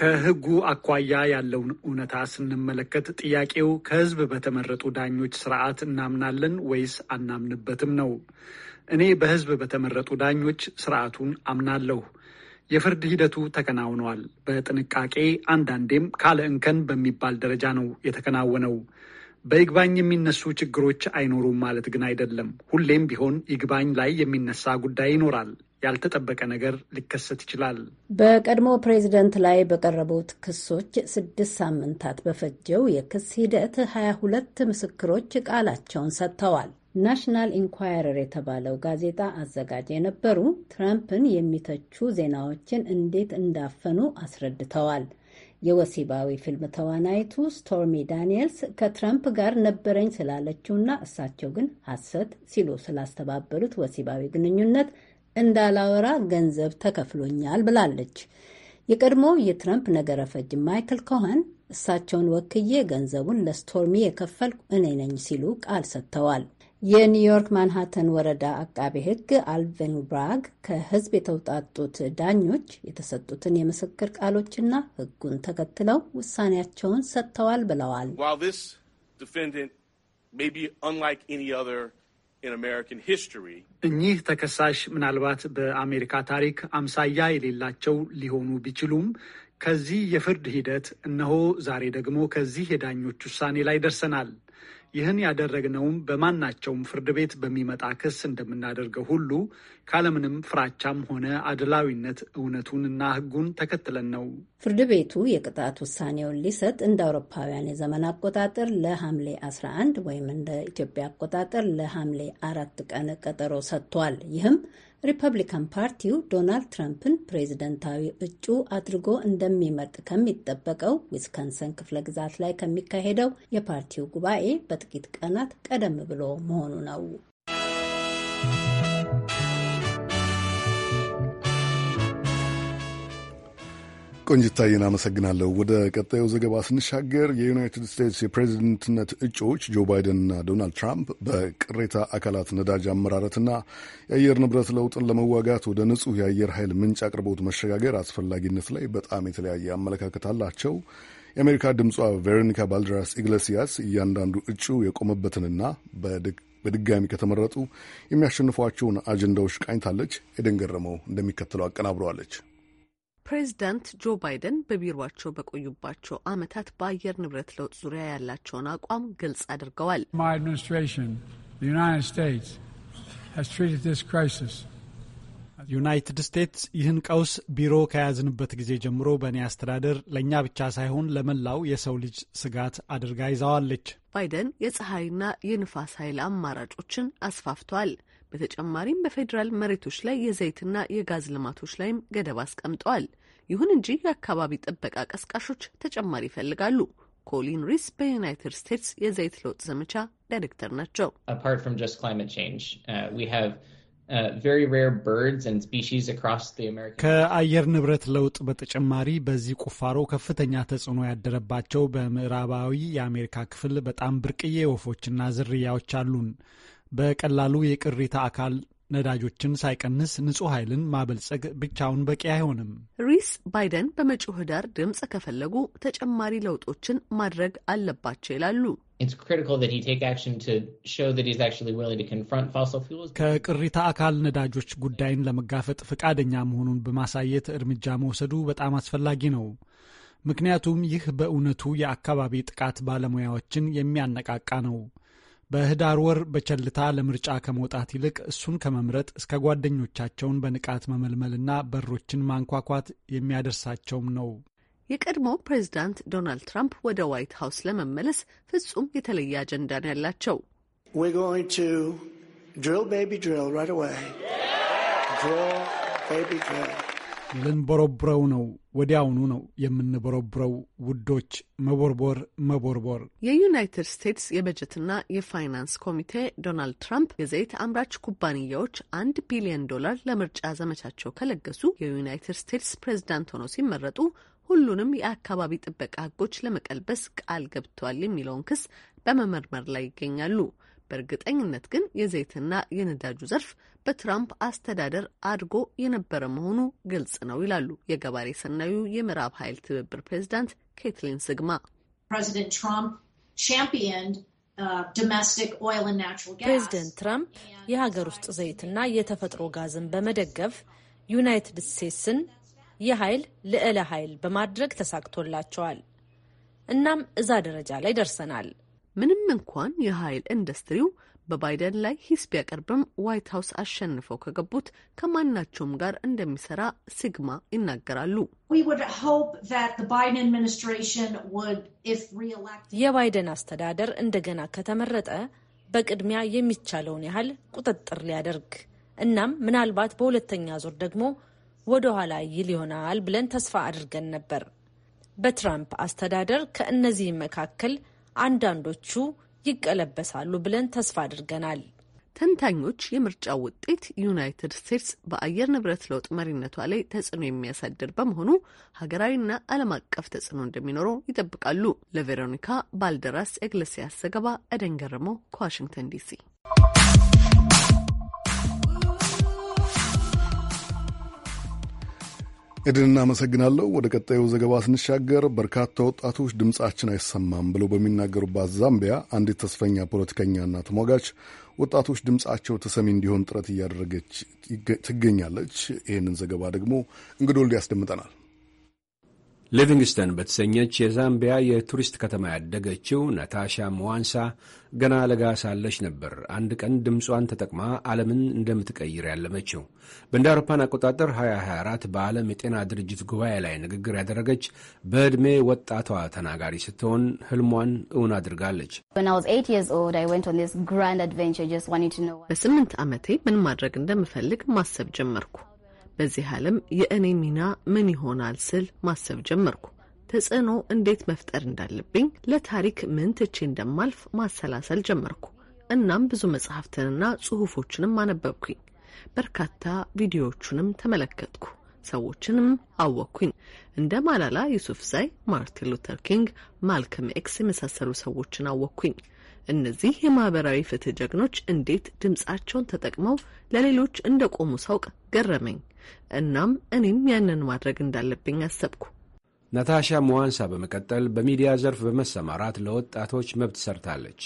ከህጉ አኳያ ያለውን እውነታ ስንመለከት ጥያቄው ከህዝብ በተመረጡ ዳኞች ስርዓት እናምናለን ወይስ አናምንበትም ነው። እኔ በህዝብ በተመረጡ ዳኞች ስርዓቱን አምናለሁ። የፍርድ ሂደቱ ተከናውኗል። በጥንቃቄ አንዳንዴም ካለ እንከን በሚባል ደረጃ ነው የተከናወነው። በይግባኝ የሚነሱ ችግሮች አይኖሩም ማለት ግን አይደለም። ሁሌም ቢሆን ይግባኝ ላይ የሚነሳ ጉዳይ ይኖራል። ያልተጠበቀ ነገር ሊከሰት ይችላል። በቀድሞ ፕሬዚደንት ላይ በቀረቡት ክሶች ስድስት ሳምንታት በፈጀው የክስ ሂደት ሀያ ሁለት ምስክሮች ቃላቸውን ሰጥተዋል። ናሽናል ኢንኳይረር የተባለው ጋዜጣ አዘጋጅ የነበሩ ትራምፕን የሚተቹ ዜናዎችን እንዴት እንዳፈኑ አስረድተዋል። የወሲባዊ ፊልም ተዋናይቱ ስቶርሚ ዳኒየልስ ከትረምፕ ጋር ነበረኝ ስላለችውና እሳቸው ግን ሐሰት ሲሉ ስላስተባበሉት ወሲባዊ ግንኙነት እንዳላወራ ገንዘብ ተከፍሎኛል ብላለች። የቀድሞ የትረምፕ ነገረ ፈጅ ማይክል ኮኸን እሳቸውን ወክዬ ገንዘቡን ለስቶርሚ የከፈልኩ እኔ ነኝ ሲሉ ቃል ሰጥተዋል። የኒውዮርክ ማንሃተን ወረዳ አቃቤ ሕግ አልቬን ብራግ ከህዝብ የተውጣጡት ዳኞች የተሰጡትን የምስክር ቃሎችና ህጉን ተከትለው ውሳኔያቸውን ሰጥተዋል ብለዋል። እኚህ ተከሳሽ ምናልባት በአሜሪካ ታሪክ አምሳያ የሌላቸው ሊሆኑ ቢችሉም ከዚህ የፍርድ ሂደት እነሆ ዛሬ ደግሞ ከዚህ የዳኞች ውሳኔ ላይ ደርሰናል። ይህን ያደረግነውም በማናቸውም ፍርድ ቤት በሚመጣ ክስ እንደምናደርገው ሁሉ ካለምንም ፍራቻም ሆነ አድላዊነት እውነቱንና ሕጉን ተከትለን ነው። ፍርድ ቤቱ የቅጣት ውሳኔውን ሊሰጥ እንደ አውሮፓውያን የዘመን አቆጣጠር ለሐምሌ 11 ወይም እንደ ኢትዮጵያ አቆጣጠር ለሐምሌ አራት ቀን ቀጠሮ ሰጥቷል። ይህም ሪፐብሊካን ፓርቲው ዶናልድ ትራምፕን ፕሬዝደንታዊ እጩ አድርጎ እንደሚመርጥ ከሚጠበቀው ዊስከንሰን ክፍለ ግዛት ላይ ከሚካሄደው የፓርቲው ጉባኤ በጥቂት ቀናት ቀደም ብሎ መሆኑ ነው። ቆንጅታዬን አመሰግናለሁ። ወደ ቀጣዩ ዘገባ ስንሻገር የዩናይትድ ስቴትስ የፕሬዚደንትነት እጩዎች ጆ ባይደንና ዶናልድ ትራምፕ በቅሬታ አካላት ነዳጅ አመራረትና የአየር ንብረት ለውጥን ለመዋጋት ወደ ንጹህ የአየር ኃይል ምንጭ አቅርቦት መሸጋገር አስፈላጊነት ላይ በጣም የተለያየ አመለካከት አላቸው። የአሜሪካ ድምጿ ቬሮኒካ ባልድራስ ኢግሌሲያስ እያንዳንዱ እጩ የቆመበትንና በድጋሚ ከተመረጡ የሚያሸንፏቸውን አጀንዳዎች ቃኝታለች። ኤደን ገረመው እንደሚከተለው አቀናብረዋለች። ፕሬዚዳንት ጆ ባይደን በቢሮቸው በቆዩባቸው ዓመታት በአየር ንብረት ለውጥ ዙሪያ ያላቸውን አቋም ግልጽ አድርገዋል። ዩናይትድ ስቴትስ ይህን ቀውስ ቢሮ ከያዝንበት ጊዜ ጀምሮ በእኔ አስተዳደር ለእኛ ብቻ ሳይሆን ለመላው የሰው ልጅ ስጋት አድርጋ ይዛዋለች። ባይደን የፀሐይና የንፋስ ኃይል አማራጮችን አስፋፍተዋል። በተጨማሪም በፌዴራል መሬቶች ላይ የዘይትና የጋዝ ልማቶች ላይም ገደብ አስቀምጠዋል። ይሁን እንጂ የአካባቢ ጥበቃ ቀስቃሾች ተጨማሪ ይፈልጋሉ። ኮሊን ሪስ በዩናይትድ ስቴትስ የዘይት ለውጥ ዘመቻ ዳይሬክተር ናቸው። uh, uh, ከአየር ንብረት ለውጥ በተጨማሪ በዚህ ቁፋሮ ከፍተኛ ተጽዕኖ ያደረባቸው በምዕራባዊ የአሜሪካ ክፍል በጣም ብርቅዬ ወፎችና ዝርያዎች አሉን። በቀላሉ የቅሪተ አካል ነዳጆችን ሳይቀንስ ንጹህ ኃይልን ማበልጸግ ብቻውን በቂ አይሆንም። ሪስ ባይደን በመጪው ህዳር ድምፅ ከፈለጉ ተጨማሪ ለውጦችን ማድረግ አለባቸው ይላሉ። ከቅሪተ አካል ነዳጆች ጉዳይን ለመጋፈጥ ፈቃደኛ መሆኑን በማሳየት እርምጃ መውሰዱ በጣም አስፈላጊ ነው። ምክንያቱም ይህ በእውነቱ የአካባቢ ጥቃት ባለሙያዎችን የሚያነቃቃ ነው። በህዳር ወር በቸልታ ለምርጫ ከመውጣት ይልቅ እሱን ከመምረጥ እስከ ጓደኞቻቸውን በንቃት መመልመልና በሮችን ማንኳኳት የሚያደርሳቸውም ነው። የቀድሞ ፕሬዚዳንት ዶናልድ ትራምፕ ወደ ዋይት ሀውስ ለመመለስ ፍጹም የተለየ አጀንዳ ነው ያላቸው ድሪል ቤቢ ድሪል ልንቦረቡረው ነው። ወዲያውኑ ነው የምንቦረቡረው ውዶች፣ መቦርቦር መቦርቦር። የዩናይትድ ስቴትስ የበጀትና የፋይናንስ ኮሚቴ ዶናልድ ትራምፕ የዘይት አምራች ኩባንያዎች አንድ ቢሊዮን ዶላር ለምርጫ ዘመቻቸው ከለገሱ የዩናይትድ ስቴትስ ፕሬዝዳንት ሆነው ሲመረጡ ሁሉንም የአካባቢ ጥበቃ ሕጎች ለመቀልበስ ቃል ገብተዋል የሚለውን ክስ በመመርመር ላይ ይገኛሉ። በእርግጠኝነት ግን የዘይትና የነዳጁ ዘርፍ በትራምፕ አስተዳደር አድጎ የነበረ መሆኑ ግልጽ ነው ይላሉ የገባሬ ሰናዩ የምዕራብ ኃይል ትብብር ፕሬዚዳንት ኬትሊን ስግማ። ፕሬዚደንት ትራምፕ የሀገር ውስጥ ዘይትና የተፈጥሮ ጋዝን በመደገፍ ዩናይትድ ስቴትስን የኃይል ልዕለ ኃይል በማድረግ ተሳክቶላቸዋል። እናም እዛ ደረጃ ላይ ደርሰናል። ምንም እንኳን የኃይል ኢንዱስትሪው በባይደን ላይ ሂስ ቢያቀርብም ዋይት ሀውስ አሸንፈው ከገቡት ከማናቸውም ጋር እንደሚሰራ ሲግማ ይናገራሉ። የባይደን አስተዳደር እንደገና ከተመረጠ በቅድሚያ የሚቻለውን ያህል ቁጥጥር ሊያደርግ እናም ምናልባት በሁለተኛ ዙር ደግሞ ወደ ኋላ ይል ይሆናል ብለን ተስፋ አድርገን ነበር። በትራምፕ አስተዳደር ከእነዚህ መካከል አንዳንዶቹ ይቀለበሳሉ ብለን ተስፋ አድርገናል። ተንታኞች የምርጫው ውጤት ዩናይትድ ስቴትስ በአየር ንብረት ለውጥ መሪነቷ ላይ ተጽዕኖ የሚያሳድር በመሆኑ ሀገራዊና ዓለም አቀፍ ተጽዕኖ እንደሚኖረው ይጠብቃሉ። ለቬሮኒካ ባልደራስ ኤግሌሲያስ ዘገባ ኤደን ገረመው ከዋሽንግተን ዲሲ ኤድን እናመሰግናለሁ። ወደ ቀጣዩ ዘገባ ስንሻገር በርካታ ወጣቶች ድምፃችን አይሰማም ብለው በሚናገሩባት ዛምቢያ አንዲት ተስፈኛ ፖለቲከኛና ተሟጋች ወጣቶች ድምፃቸው ተሰሚ እንዲሆን ጥረት እያደረገች ትገኛለች። ይህንን ዘገባ ደግሞ እንግዶል ያስደምጠናል። ሊቪንግስተን በተሰኘች የዛምቢያ የቱሪስት ከተማ ያደገችው ናታሻ ሙዋንሳ ገና ለጋ ሳለች ነበር አንድ ቀን ድምጿን ተጠቅማ ዓለምን እንደምትቀይር ያለመችው። በእንደ አውሮፓን አቆጣጠር 2024 በዓለም የጤና ድርጅት ጉባኤ ላይ ንግግር ያደረገች በዕድሜ ወጣቷ ተናጋሪ ስትሆን ህልሟን እውን አድርጋለች። በስምንት ዓመቴ ምን ማድረግ እንደምፈልግ ማሰብ ጀመርኩ። በዚህ ዓለም የእኔ ሚና ምን ይሆናል ስል ማሰብ ጀመርኩ። ተጽዕኖ እንዴት መፍጠር እንዳለብኝ፣ ለታሪክ ምን ትቼ እንደማልፍ ማሰላሰል ጀመርኩ። እናም ብዙ መጽሐፍትንና ጽሑፎችንም አነበብኩኝ። በርካታ ቪዲዮዎቹንም ተመለከትኩ። ሰዎችንም አወቅኩኝ። እንደ ማላላ ዩሱፍ ዛይ ማርቲን ሉተር ኪንግ፣ ማልከም ኤክስ የመሳሰሉ ሰዎችን አወቅኩኝ። እነዚህ የማህበራዊ ፍትህ ጀግኖች እንዴት ድምፃቸውን ተጠቅመው ለሌሎች እንደቆሙ ሳውቅ ገረመኝ። እናም እኔም ያንን ማድረግ እንዳለብኝ አሰብኩ። ናታሻ ሙዋንሳ በመቀጠል በሚዲያ ዘርፍ በመሰማራት ለወጣቶች መብት ሰርታለች።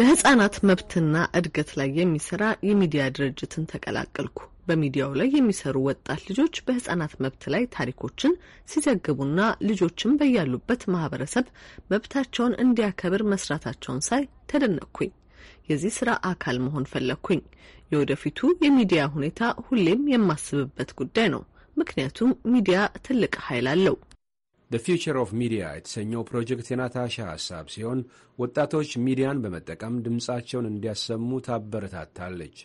ለህጻናት መብትና እድገት ላይ የሚሰራ የሚዲያ ድርጅትን ተቀላቀልኩ። በሚዲያው ላይ የሚሰሩ ወጣት ልጆች በህጻናት መብት ላይ ታሪኮችን ሲዘግቡና ልጆችም በያሉበት ማህበረሰብ መብታቸውን እንዲያከብር መስራታቸውን ሳይ ተደነቅኩኝ። የዚህ ስራ አካል መሆን ፈለግኩኝ። የወደፊቱ የሚዲያ ሁኔታ ሁሌም የማስብበት ጉዳይ ነው። ምክንያቱም ሚዲያ ትልቅ ኃይል አለው። ዘ ፊውቸር ኦፍ ሚዲያ የተሰኘው ፕሮጀክት የናታሻ ሀሳብ ሲሆን ወጣቶች ሚዲያን በመጠቀም ድምፃቸውን እንዲያሰሙ ታበረታታለች።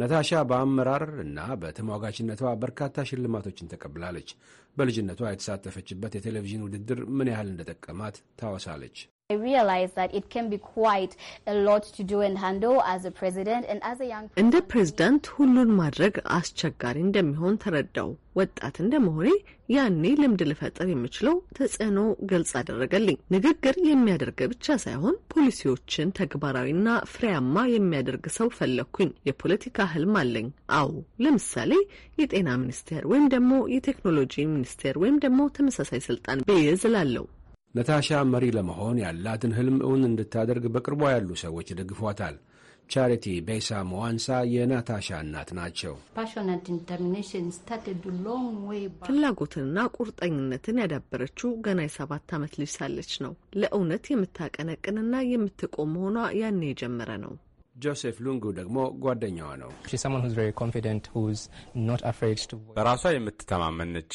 ናታሻ በአመራር እና በተሟጋችነቷ በርካታ ሽልማቶችን ተቀብላለች። በልጅነቷ የተሳተፈችበት የቴሌቪዥን ውድድር ምን ያህል እንደጠቀማት ታወሳለች። እንደ ፕሬዝዳንት ሁሉን ማድረግ አስቸጋሪ እንደሚሆን ተረዳው። ወጣት እንደመሆኔ ያኔ ልምድ ልፈጥር የምችለው ተጽዕኖ ግልጽ አደረገልኝ። ንግግር የሚያደርግ ብቻ ሳይሆን ፖሊሲዎችን ተግባራዊና ፍሬያማ የሚያደርግ ሰው ፈለግኩኝ። የፖለቲካ ህልም አለኝ። አዎ፣ ለምሳሌ የጤና ሚኒስቴር ወይም ደግሞ የቴክኖሎጂ ሚኒስቴር ወይም ደግሞ ተመሳሳይ ስልጣን ብይዝ እላለሁ። ነታሻ መሪ ለመሆን ያላትን ህልም እውን እንድታደርግ በቅርቧ ያሉ ሰዎች ደግፏታል። ቻሪቲ ቤሳ መዋንሳ የናታሻ እናት ናቸው። ፍላጎትንና ቁርጠኝነትን ያዳበረችው ገና የሰባት ዓመት ልጅ ሳለች ነው። ለእውነት የምታቀነቅንና የምትቆም መሆኗ ያኔ የጀመረ ነው። ጆሴፍ ሉንጉ ደግሞ ጓደኛዋ ነው። በራሷ የምትተማመን ነች።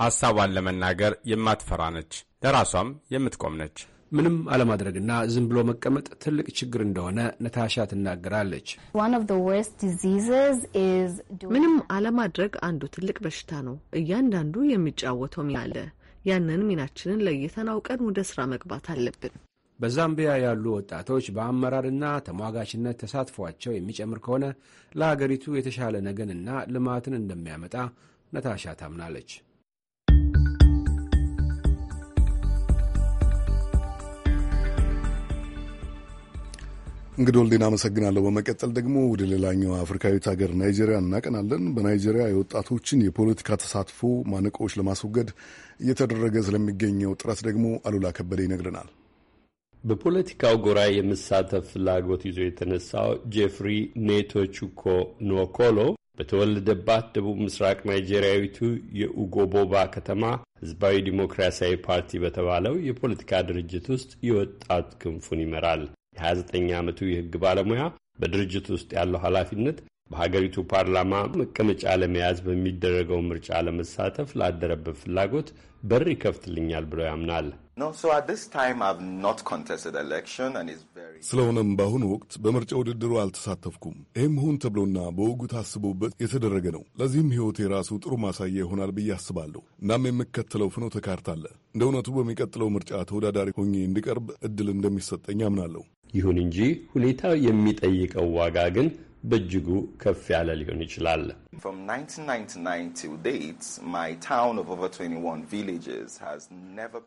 ሐሳቧን ለመናገር የማትፈራ ነች። ለራሷም የምትቆም ነች። ምንም አለማድረግና ዝም ብሎ መቀመጥ ትልቅ ችግር እንደሆነ ነታሻ ትናገራለች። ምንም አለማድረግ አንዱ ትልቅ በሽታ ነው። እያንዳንዱ የሚጫወተው ሚና አለ። ያንን ሚናችንን ለይተን አውቀን ወደ ስራ መግባት አለብን። በዛምቢያ ያሉ ወጣቶች በአመራርና ተሟጋችነት ተሳትፏቸው የሚጨምር ከሆነ ለሀገሪቱ የተሻለ ነገንና ልማትን እንደሚያመጣ ነታሻ ታምናለች። እንግዲህ ወልዴን አመሰግናለሁ። በመቀጠል ደግሞ ወደ ሌላኛው አፍሪካዊት ሀገር ናይጄሪያ እናቀናለን። በናይጄሪያ የወጣቶችን የፖለቲካ ተሳትፎ ማነቆዎች ለማስወገድ እየተደረገ ስለሚገኘው ጥረት ደግሞ አሉላ ከበደ ይነግረናል። በፖለቲካው ጎራ የመሳተፍ ፍላጎት ይዞ የተነሳው ጄፍሪ ኔቶቹኮ ኖኮሎ በተወለደባት ደቡብ ምስራቅ ናይጄሪያዊቱ የኡጎቦባ ከተማ ህዝባዊ ዲሞክራሲያዊ ፓርቲ በተባለው የፖለቲካ ድርጅት ውስጥ የወጣት ክንፉን ይመራል። የ29 ዓመቱ የህግ ባለሙያ በድርጅት ውስጥ ያለው ኃላፊነት በሀገሪቱ ፓርላማ መቀመጫ ለመያዝ በሚደረገው ምርጫ ለመሳተፍ ላደረበት ፍላጎት በር ይከፍትልኛል ብሎ ያምናል። ስለሆነም በአሁኑ ወቅት በምርጫ ውድድሩ አልተሳተፍኩም። ይህም ሆን ተብሎና በወጉ ታስቦበት የተደረገ ነው። ለዚህም ሕይወቴ ራሱ ጥሩ ማሳያ ይሆናል ብዬ አስባለሁ። እናም የምከተለው ፍኖተ ካርታ አለ። እንደ እውነቱ በሚቀጥለው ምርጫ ተወዳዳሪ ሆኜ እንድቀርብ እድል እንደሚሰጠኝ አምናለሁ። ይሁን እንጂ ሁኔታ የሚጠይቀው ዋጋ ግን በእጅጉ ከፍ ያለ ሊሆን ይችላል።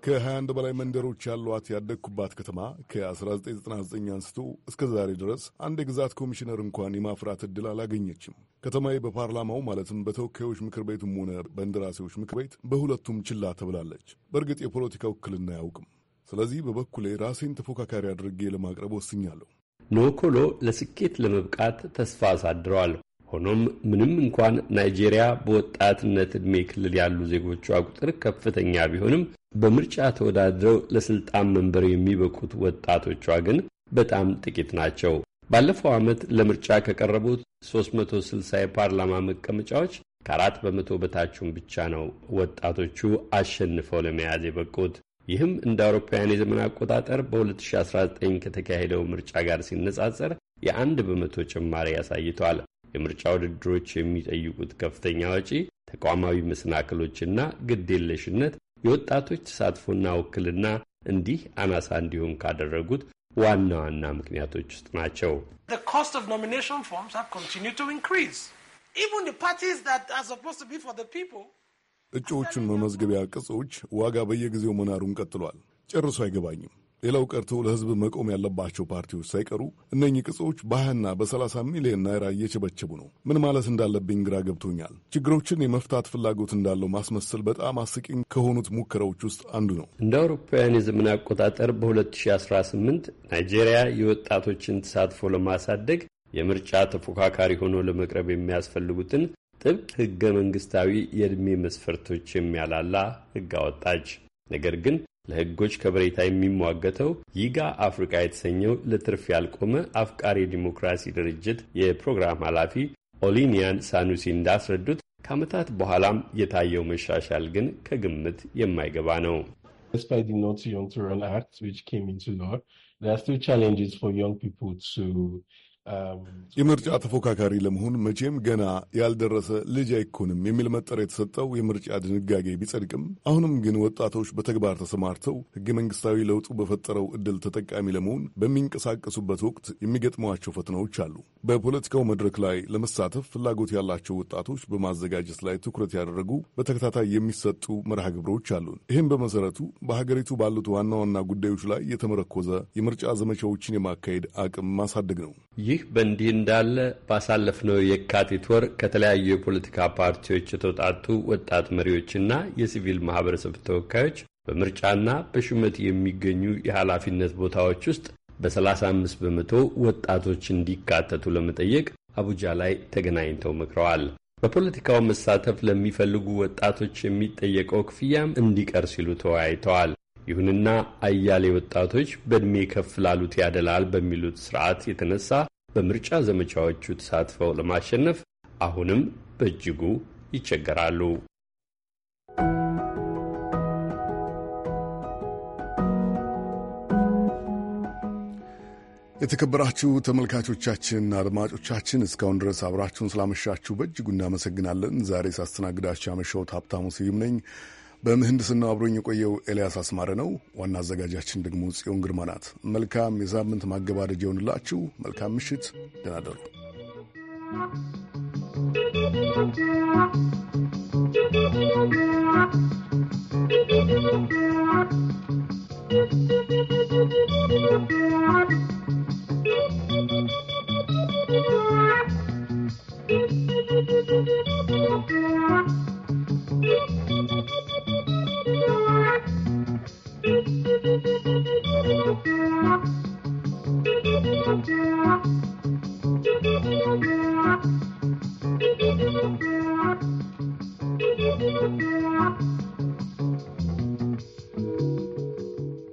ከ21 በላይ መንደሮች ያሏት ያደግኩባት ከተማ ከ1999 አንስቶ እስከ ዛሬ ድረስ አንድ የግዛት ኮሚሽነር እንኳን የማፍራት ዕድል አላገኘችም። ከተማዬ በፓርላማው ማለትም በተወካዮች ምክር ቤቱም ሆነ በእንደራሴዎች ምክር ቤት በሁለቱም ችላ ተብላለች። በእርግጥ የፖለቲካ ውክልና አያውቅም። ስለዚህ በበኩሌ ራሴን ተፎካካሪ አድርጌ ለማቅረብ ወስኛለሁ። ኖኮሎ ለስኬት ለመብቃት ተስፋ አሳድረዋል። ሆኖም ምንም እንኳን ናይጄሪያ በወጣትነት ዕድሜ ክልል ያሉ ዜጎቿ ቁጥር ከፍተኛ ቢሆንም በምርጫ ተወዳድረው ለስልጣን መንበር የሚበቁት ወጣቶቿ ግን በጣም ጥቂት ናቸው። ባለፈው ዓመት ለምርጫ ከቀረቡት 360 የፓርላማ መቀመጫዎች ከአራት በመቶ በታችም ብቻ ነው ወጣቶቹ አሸንፈው ለመያዝ የበቁት። ይህም እንደ አውሮፓውያን የዘመን አቆጣጠር በ2019 ከተካሄደው ምርጫ ጋር ሲነጻጸር የአንድ በመቶ ጭማሪ አሳይቷል። የምርጫ ውድድሮች የሚጠይቁት ከፍተኛ ወጪ፣ ተቋማዊ መሰናክሎችና ግዴለሽነት የወጣቶች ተሳትፎና ውክልና እንዲህ አናሳ እንዲሆን ካደረጉት ዋና ዋና ምክንያቶች ውስጥ ናቸው። እጩዎቹን መመዝገቢያ ቅጾች ዋጋ በየጊዜው መናሩን ቀጥሏል። ጨርሶ አይገባኝም። ሌላው ቀርቶ ለሕዝብ መቆም ያለባቸው ፓርቲዎች ሳይቀሩ እነኚህ ቅጾች በሀያና በሰላሳ ሚሊዮን ናይራ እየቸበቸቡ ነው። ምን ማለት እንዳለብኝ ግራ ገብቶኛል። ችግሮችን የመፍታት ፍላጎት እንዳለው ማስመሰል በጣም አስቂኝ ከሆኑት ሙከራዎች ውስጥ አንዱ ነው። እንደ አውሮፓውያን የዘመን አቆጣጠር በ2018 ናይጄሪያ የወጣቶችን ተሳትፎ ለማሳደግ የምርጫ ተፎካካሪ ሆኖ ለመቅረብ የሚያስፈልጉትን ጥብቅ ህገ መንግስታዊ የእድሜ መስፈርቶች የሚያላላ ህግ አወጣጅ ነገር ግን ለህጎች ከብሬታ የሚሟገተው ይጋ አፍሪካ የተሰኘው ለትርፍ ያልቆመ አፍቃሪ ዲሞክራሲ ድርጅት የፕሮግራም ኃላፊ ኦሊኒያን ሳኑሲ እንዳስረዱት ከዓመታት በኋላም የታየው መሻሻል ግን ከግምት የማይገባ ነው። የምርጫ ተፎካካሪ ለመሆን መቼም ገና ያልደረሰ ልጅ አይኮንም የሚል መጠሪያ የተሰጠው የምርጫ ድንጋጌ ቢጸድቅም አሁንም ግን ወጣቶች በተግባር ተሰማርተው ሕገ መንግስታዊ ለውጡ በፈጠረው እድል ተጠቃሚ ለመሆን በሚንቀሳቀሱበት ወቅት የሚገጥሟቸው ፈተናዎች አሉ። በፖለቲካው መድረክ ላይ ለመሳተፍ ፍላጎት ያላቸው ወጣቶች በማዘጋጀት ላይ ትኩረት ያደረጉ በተከታታይ የሚሰጡ መርሃ ግብሮች አሉ። ይህም በመሰረቱ በሀገሪቱ ባሉት ዋና ዋና ጉዳዮች ላይ የተመረኮዘ የምርጫ ዘመቻዎችን የማካሄድ አቅም ማሳደግ ነው። ይህ በእንዲህ እንዳለ ባሳለፍነው የካቲት ወር ከተለያዩ የፖለቲካ ፓርቲዎች የተውጣጡ ወጣት መሪዎችና የሲቪል ማህበረሰብ ተወካዮች በምርጫና በሹመት የሚገኙ የኃላፊነት ቦታዎች ውስጥ በ35 በመቶ ወጣቶች እንዲካተቱ ለመጠየቅ አቡጃ ላይ ተገናኝተው መክረዋል። በፖለቲካው መሳተፍ ለሚፈልጉ ወጣቶች የሚጠየቀው ክፍያም እንዲቀር ሲሉ ተወያይተዋል። ይሁንና አያሌ ወጣቶች በእድሜ ከፍ ላሉት ያደላል በሚሉት ስርዓት የተነሳ በምርጫ ዘመቻዎቹ ተሳትፈው ለማሸነፍ አሁንም በእጅጉ ይቸገራሉ። የተከበራችሁ ተመልካቾቻችንና አድማጮቻችን እስካሁን ድረስ አብራችሁን ስላመሻችሁ በእጅጉ እናመሰግናለን። ዛሬ ሳስተናግዳችሁ ያመሸሁት ሀብታሙ ስዩም ነኝ። በምህንድስና አብሮኝ የቆየው ኤልያስ አስማረ ነው። ዋና አዘጋጃችን ደግሞ ጽዮን ግርማ ናት። መልካም የሳምንት ማገባደጃ ይሆንላችሁ። መልካም ምሽት፣ ደህና ደሩ። Thank you. Thank you.